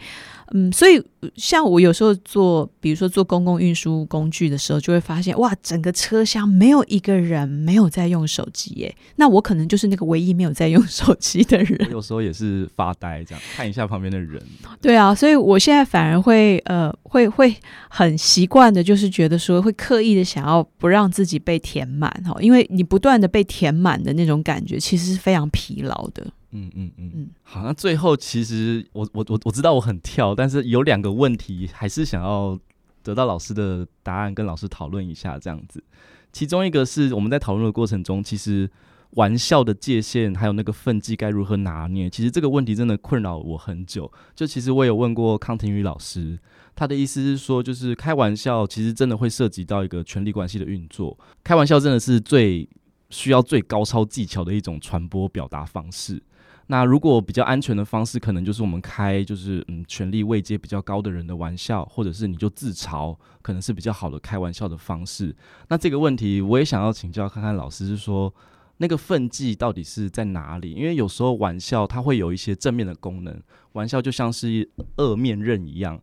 嗯，所以像我有時候坐，比如說坐公共運輸工具的時候，就會發現哇，整個車廂沒有一個人沒有在用手機耶、欸。那我可能就是那個唯一沒有在用手機的人。有時候也是發呆這樣，看一下旁邊的人。 對啊，所以我現在反而會呃，會會很習慣的，就是覺得說會刻意的想要不讓自己被填滿哈，因為你不斷的被填滿的那種感覺，其實是非常疲勞的。嗯嗯嗯嗯，嗯嗯好，那最後其實我我我我知道我很跳，但是有兩個問題還是想要得到老師的答案，跟老師討論一下這樣子。其中一個是我們在討論的過程中，其實玩笑的界限還有那個分際該如何拿捏，其實這個問題真的困擾我很久。就其實我有問過康廷宇老師，他的意思是說，就是開玩笑其實真的會涉及到一個權力關係的運作，開玩笑真的是最需要最高超技巧的一種傳播表達方式。那如果比較安全的方式，可能就是我們開，就是嗯權力位階比較高的人的玩笑，或者是你就自嘲，可能是比較好的開玩笑的方式。那這個問題我也想要請教看看老師，是說那個分際到底是在哪裡？因為有時候玩笑它會有一些正面的功能，玩笑就像是二面刃一樣。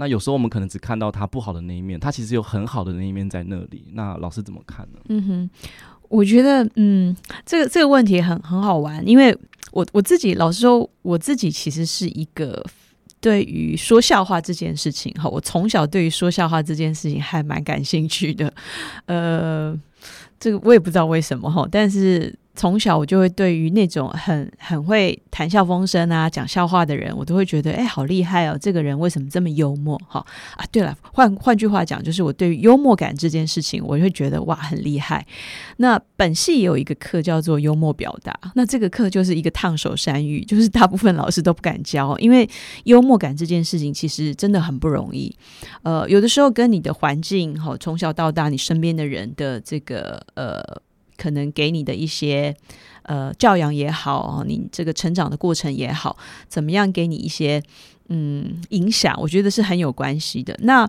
那有時候我們可能只看到它不好的那一面，它其實有很好的那一面在那裡。那老師怎麼看呢？嗯哼，我覺得嗯，這個這個問題很很好玩，因為。我我自己老實說，我自己其實是一個對於說笑話這件事情哈，我從小對於說笑話這件事情還蠻感興趣的，呃，這個我也不知道為什麼哈，但是。從小我就會對於那種很很會談笑風生啊、講笑話的人，我都會覺得誒、欸，好厲害哦！這個人為什麼這麼幽默？哈、哦、啊，對了，換換句話講，就是我對於幽默感這件事情，我就會覺得哇，很厲害。那本系也有一個課叫做幽默表達，那這個課就是一個燙手山芋，就是大部分老師都不敢教，因為幽默感這件事情其實真的很不容易。呃，有的時候跟你的環境哈、哦，從小到大你身邊的人的這個呃。可能給你的一些呃教養也好，你這個成長的過程也好，怎麼樣給你一些嗯影響，我覺得是很有關係的。那。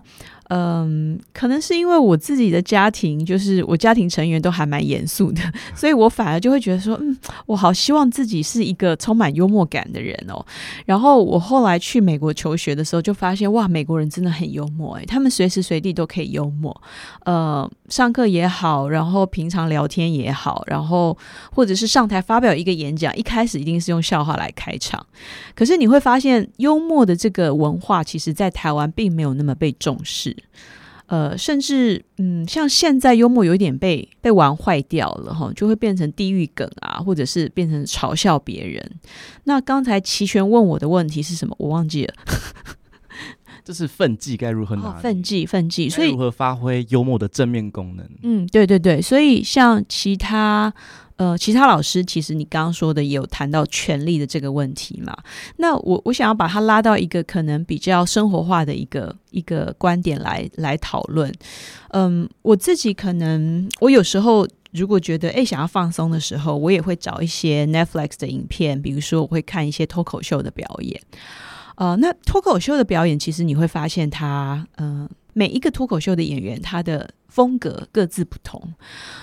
嗯，可能是因為我自己的家庭，就是我家庭成員都還蠻嚴肅的，所以我反而就會覺得說，嗯，我好希望自己是一個充滿幽默感的人哦。然後我後來去美國求學的時候，就發現哇，美國人真的很幽默，欸，哎，他們隨時隨地都可以幽默，呃，上課也好，然後平常聊天也好，然後或者是上台發表一個演講，一開始一定是用笑話來開場。可是你會發現，幽默的這個文化，其實在台灣並沒有那麼被重視。呃，甚至嗯，像現在幽默有一點被被玩壞掉了哈，就會變成地獄梗啊，或者是變成嘲笑別人。那剛才齊全問我的問題是什麼？我忘記了。 這是分際該如何拿？分際？哦，分際，所以如何發揮幽默的正面功能？嗯，對對對。所以像其他呃，其他老師，其實你剛剛說的也有談到權力的這個問題嘛。那我我想要把它拉到一個可能比較生活化的一個一個觀點來來討論。嗯，我自己可能我有時候如果覺得哎想要放鬆的時候，我也會找一些 Netflix 的影片，比如說我會看一些脫口秀的表演。呃，那脫口秀的表演，其實你會發現他，他、呃、嗯，每一個脫口秀的演員，他的風格各自不同。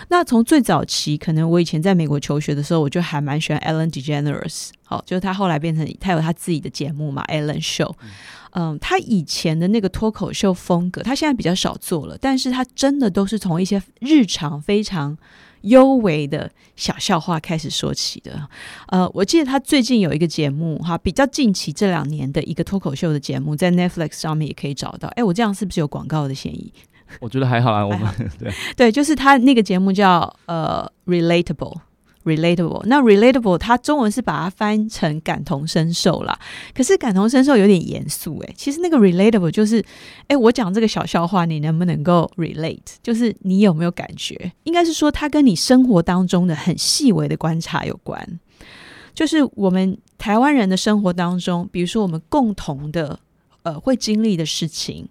那從最早期，可能我以前在美國求學的時候，我就還蠻喜歡 Ellen DeGeneres，好，哦，就是他後來變成他有他自己的節目嘛，Ellen Show。嗯，呃，他以前的那個脫口秀風格，他現在比較少做了，但是他真的都是從一些日常非常。幽微的小笑話開始說起的，呃，我記得他最近有一個節目哈，比較近期這兩年的一個脫口秀的節目，在 Netflix 上面也可以找到。哎，我這樣是不是有廣告的嫌疑？我覺得還好啊，我們對好 對，就是他那個節目叫呃，Relatable。Rel relatable，那 relatable 它中文是把它翻成感同身受啦，可是感同身受有點嚴肅誒，其實那個 relatable 就是，誒、欸，我講這個小笑話，你能不能夠 relate？就是你有沒有感覺？應該是說，它跟你生活當中的很細微的觀察有關。就是我們台灣人的生活當中，比如說我們共同的呃會經歷的事情，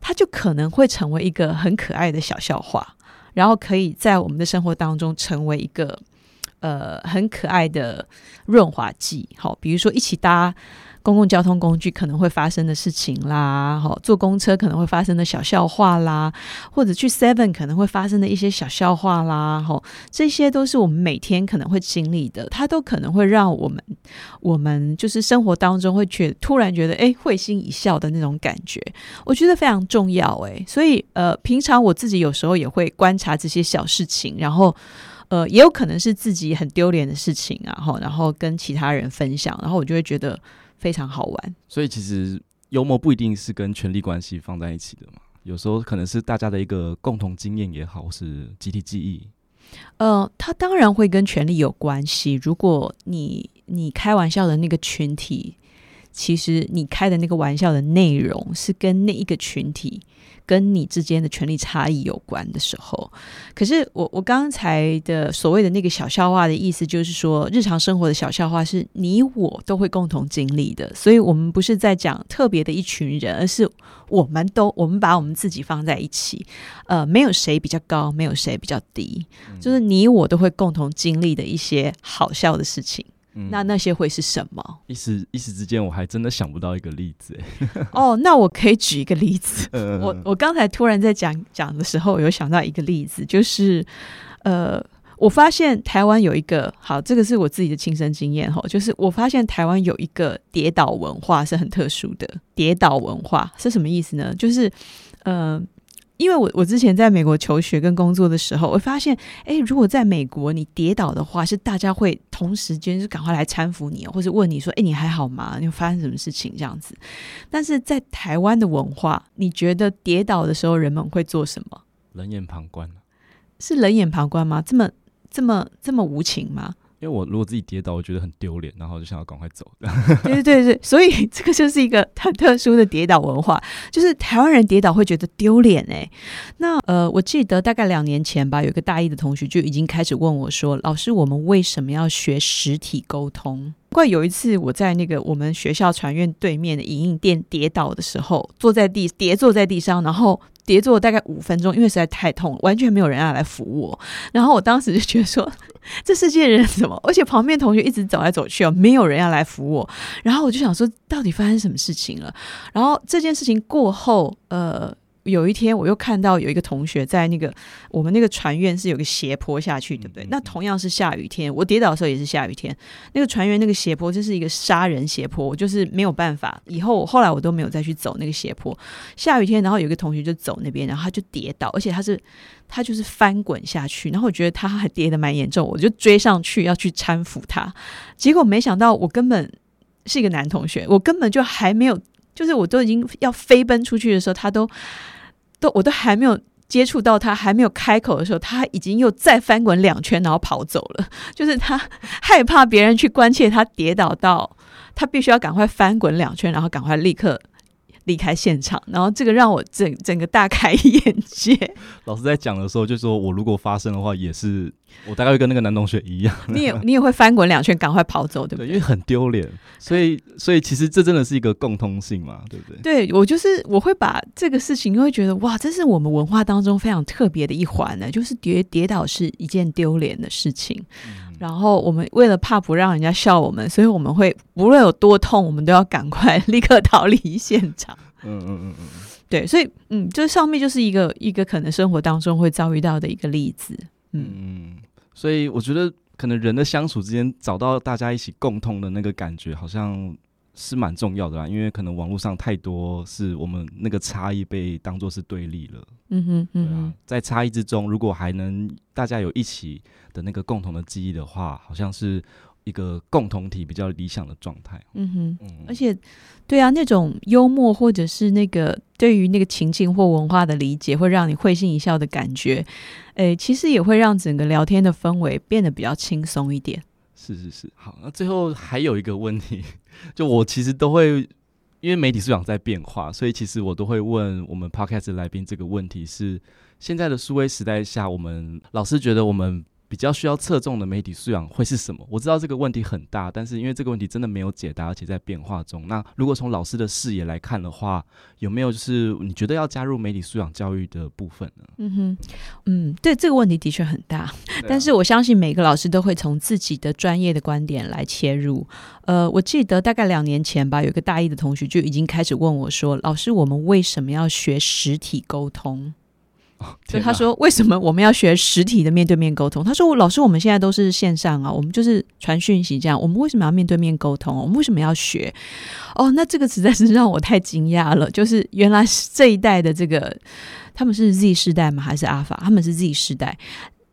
它就可能會成為一個很可愛的小笑話，然後可以在我們的生活當中成為一個。呃，很可愛的潤滑劑，好，比如說一起搭公共交通工具可能會發生的事情啦，好，坐公車可能會發生的小笑話啦，或者去 Seven 可能會發生的一些小笑話啦，好，這些都是我們每天可能會經歷的，它都可能會讓我們，我們就是生活當中會覺突然覺得哎，會心一笑的那種感覺，我覺得非常重要哎，所以呃，平常我自己有時候也會觀察這些小事情，然後。呃，也有可能是自己很丟臉的事情啊吼，然後跟其他人分享，然後我就會覺得非常好玩。所以，其實幽默不一定是跟權力關係放在一起的嘛，有時候可能是大家的一個共同經驗也好，是集體記憶。呃，他當然會跟權力有關係。如果你你開玩笑的那個群體，其實你開的那個玩笑的內容是跟那一個群體。跟你之間的權力差異有關的時候，可是我我剛才的所謂的那個小笑話的意思，就是說日常生活的小笑話是你我都會共同經歷的，所以我們不是在講特別的一群人，而是我們都我們把我們自己放在一起，呃，沒有誰比較高，沒有誰比較低，就是你我都會共同經歷的一些好笑的事情。嗯、那那些會是什麼？一時一時之間，我還真的想不到一個例子，欸。哦 ，oh, 那我可以舉一個例子。 我我剛才突然在講講的時候，我有想到一個例子，就是呃，我發現台灣有一個好，這個是我自己的親身經驗吼，就是我發現台灣有一個跌倒文化是很特殊的。跌倒文化是什麼意思呢？就是嗯。呃因為我我之前在美國求學跟工作的時候，我發現，哎，如果在美國你跌倒的話，是大家會同時間就趕快來攙扶你，或是問你說，哎，你還好嗎？你發生什麼事情這樣子？但是在台灣的文化，你覺得跌倒的時候，人們會做什麼？冷眼旁觀。是冷眼旁觀嗎？這麼這麼這麼無情嗎？因為我如果自己跌倒，我覺得很丟臉，然後就想要趕快走。 對對對，所以這個就是一個很特殊的跌倒文化，就是台灣人跌倒會覺得丟臉哎。那呃，我記得大概兩年前吧，有個大一的同學就已經開始問我說：“老師，我們為什麼要學實體溝通？”怪有一次我在那個我們學校船院對面的影印店跌倒的時候，坐在地跌坐在地上，然後。跌坐大概五分鐘，因為實在太痛了，完全沒有人要來扶我。然後我當時就覺得說， 這世界人怎麼？而且旁邊同學一直走來走去哦，沒有人要來扶我。然後我就想說，到底發生什麼事情了？然後這件事情過後，呃。有一天，我又看到有一個同學在那個我們那個傳院是有個斜坡下去，對不對？嗯嗯嗯，那同樣是下雨天，我跌倒的時候也是下雨天。那個傳院那個斜坡就是一個殺人斜坡，我就是沒有辦法。以後我後來我都沒有再去走那個斜坡。下雨天，然後有一個同學就走那邊，然後他就跌倒，而且他是他就是翻滾下去，然後我覺得他還跌得蠻嚴重，我就追上去要去攙扶他，結果沒想到我根本是一個男同學，我根本就還沒有，就是我都已經要飛奔出去的時候，他都。我都還沒有接觸到他，還沒有開口的時候，他已經又再翻滾兩圈，然後跑走了。就是他害怕別人去關切他，跌倒到他必須要趕快翻滾兩圈，然後趕快立刻。離開現場，然後這個讓我整整個大開眼界。老師在講的時候就說：“我如果發生的話，也是我大概會跟那個男同學一樣， 你也你也會翻滾兩圈，趕快跑走，對不對？對，因為很丟臉。所以，所以其實這真的是一個共通性嘛，對不對？”對，我就是我會把這個事情，因為覺得哇，這是我們文化當中非常特別的一環呢，欸，就是跌跌倒是一件丟臉的事情。嗯然後我們為了怕不讓人家笑我們，所以我們會無論有多痛，我們都要趕快立刻逃離現場。嗯嗯嗯嗯，對，所以嗯，就上面就是一個一個可能生活當中會遭遇到的一個例子。嗯，嗯所以我覺得可能人的相處之間，找到大家一起共通的那個感覺，好像。是蠻重要的啦，因為可能網絡上太多是我們那個差異被當做是對立了。嗯哼，嗯哼、對啊，在差異之中，如果還能大家有一起的那個共同的記憶的話，好像是一個共同體比較理想的狀態。嗯哼，嗯，而且對啊，那種幽默或者是那個對於那個情境或文化的理解，會讓你會心一笑的感覺。誒、欸，其實也會讓整個聊天的氛圍變得比較輕鬆一點。是是是，好，那最後還有一個問題。就我其實都會，因為媒體素養在變化，所以其實我都會問我們 Podcast 來賓這個問題是：是現在的數位時代下，我們老是覺得我們。比較需要側重的媒體素養會是什麼？我知道這個問題很大，但是因為這個問題真的沒有解答，而且在變化中。那如果從老師的視野來看的話，有沒有就是你覺得要加入媒體素養教育的部分呢？嗯哼，嗯，對，這個問題的確很大，但是我相信每個老師都會從自己的專業的觀點來切入。呃，我記得大概兩年前吧，有個大一的同學就已經開始問我說：“老師，我們為什麼要學實體溝通？”哦，就他說，為什麼我們要學實體的面對面溝通？他說，老師，我們現在都是線上啊，我們就是傳訊息這樣。我們為什麼要面對面溝通？我們為什麼要學？哦，那這個實在是讓我太驚訝了。就是原來是這一代的這個，他們是 Z 世代嗎？還是阿法？他們是 Z 世代。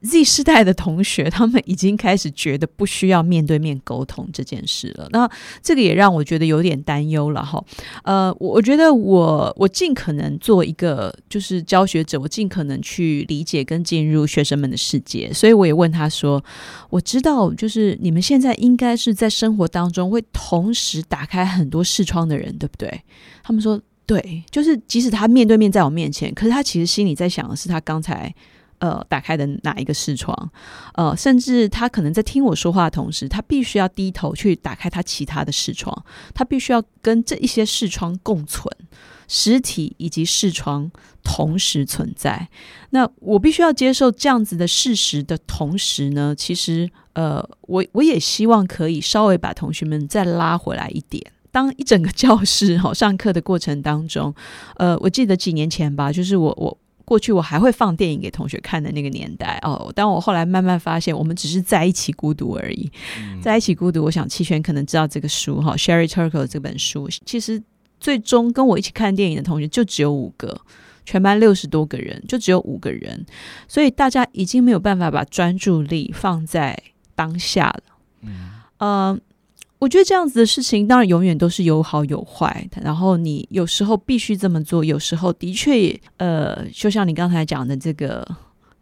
Z 世代的同學，他們已經開始覺得不需要面對面溝通這件事了。那這個也讓我覺得有點擔憂了哈。呃，我我覺得我我盡可能做一個就是教學者，我盡可能去理解跟進入學生們的世界。所以我也問他說：“我知道，就是你們現在應該是在生活當中會同時打開很多視窗的人，對不對？”他們說：“對，就是即使他面對面在我面前，可是他其實心裡在想的是他剛才。”呃，打開的哪一個視窗？呃，甚至他可能在聽我說話的同時，他必須要低頭去打開他其他的視窗，他必須要跟這一些視窗共存，實體以及視窗同時存在。那我必須要接受這樣子的事實的同時呢，其實呃，我我也希望可以稍微把同學們再拉回來一點。當一整個教室哈、哦、上課的過程當中，呃，我記得幾年前吧，就是我我。過去我還會放電影給同學看的那個年代哦，但我後來慢慢發現，我們只是在一起孤獨而已，嗯、在一起孤獨。我想齊全可能知道這個書哈，《Sherry Turkle》這本書，其實最終跟我一起看電影的同學就只有五個，全班六十多個人就只有五個人，所以大家已經沒有辦法把專注力放在當下了，嗯。呃我覺得這樣子的事情，當然永遠都是有好有壞的。然後你有時候必須這麼做，有時候的確，呃，就像你剛才講的這個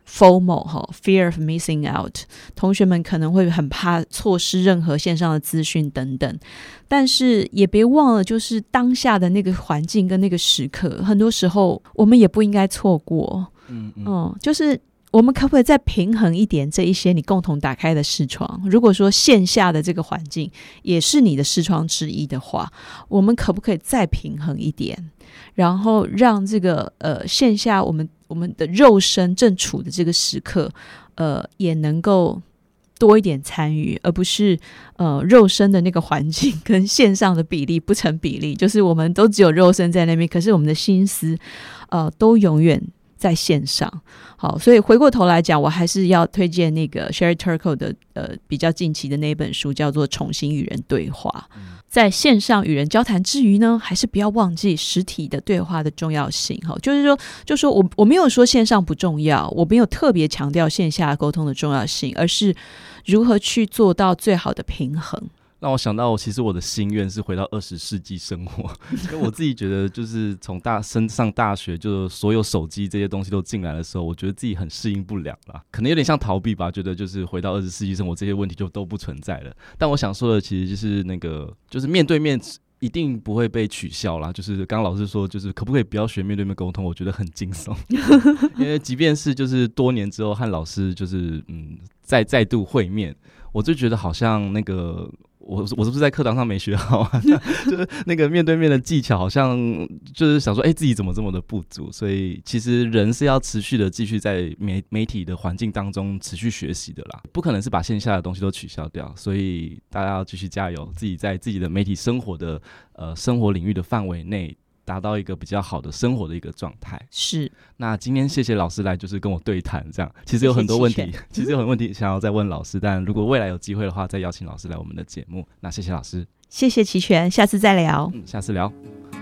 “FOMO” 哈，“Fear of Missing Out”，同學們可能會很怕錯失任何線上的資訊等等。但是也別忘了，就是當下的那個環境跟那個時刻，很多時候我們也不應該錯過。嗯嗯,嗯，就是。我們可不可以再平衡一點這一些你共同打開的視窗？如果說線下的這個環境也是你的視窗之一的話，我們可不可以再平衡一點？然後讓這個呃線下我們我們的肉身正處的這個時刻，呃，也能夠多一點參與，而不是呃肉身的那個環境跟線上的比例不成比例，就是我們都只有肉身在那邊，可是我們的心思呃都永遠。在線上，好，所以回過頭來講，我還是要推薦那個 Sherry Turkle 的呃比較近期的那本書，叫做《重新與人對話》。嗯、在線上與人交談之餘呢，還是不要忘記實體的對話的重要性。哈，就是說，就說我我沒有說線上不重要，我沒有特別強調線下溝通的重要性，而是如何去做到最好的平衡。讓我想到，其實我的心願是回到二十世紀生活，因為我自己覺得，就是從大升上大學，就所有手機這些東西都進來的時候，我覺得自己很適應不了了，可能有點像逃避吧。覺得就是回到二十世紀生活，這些問題就都不存在了。但我想說的，其實就是那個，就是面對面一定不會被取笑啦。就是剛剛老師說，就是可不可以不要學面對面溝通？我覺得很驚悚， 因為即便是就是多年之後和老師就是嗯再再度會面，我就覺得好像那個。我我是不是在課堂上沒學好啊？就是那個面對面的技巧，好像就是想說，哎、欸，自己怎麼這麼的不足。所以其實人是要持續的繼續在媒媒體的環境當中持續學習的啦，不可能是把線下的東西都取消掉。所以大家要繼續加油，自己在自己的媒體生活的呃生活領域的範圍內，達到一個比較好的生活的一個狀態是。那今天謝謝老師來，就是跟我對談這樣。其實有很多問題，謝謝齊全，其實有很多問題想要再問老師。但如果未來有機會的話，再邀請老師來我們的節目。那謝謝老師，謝謝齊全，下次再聊，嗯、下次聊。嗯、下次聊。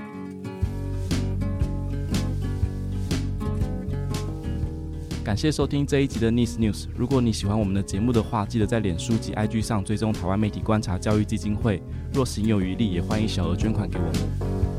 感謝收聽這一集的《逆思 News》。如果你喜歡我們的節目的話，記得在臉書及 IG 上追蹤台灣媒體觀察教育基金會。若行有餘力，也歡迎小額捐款給我們。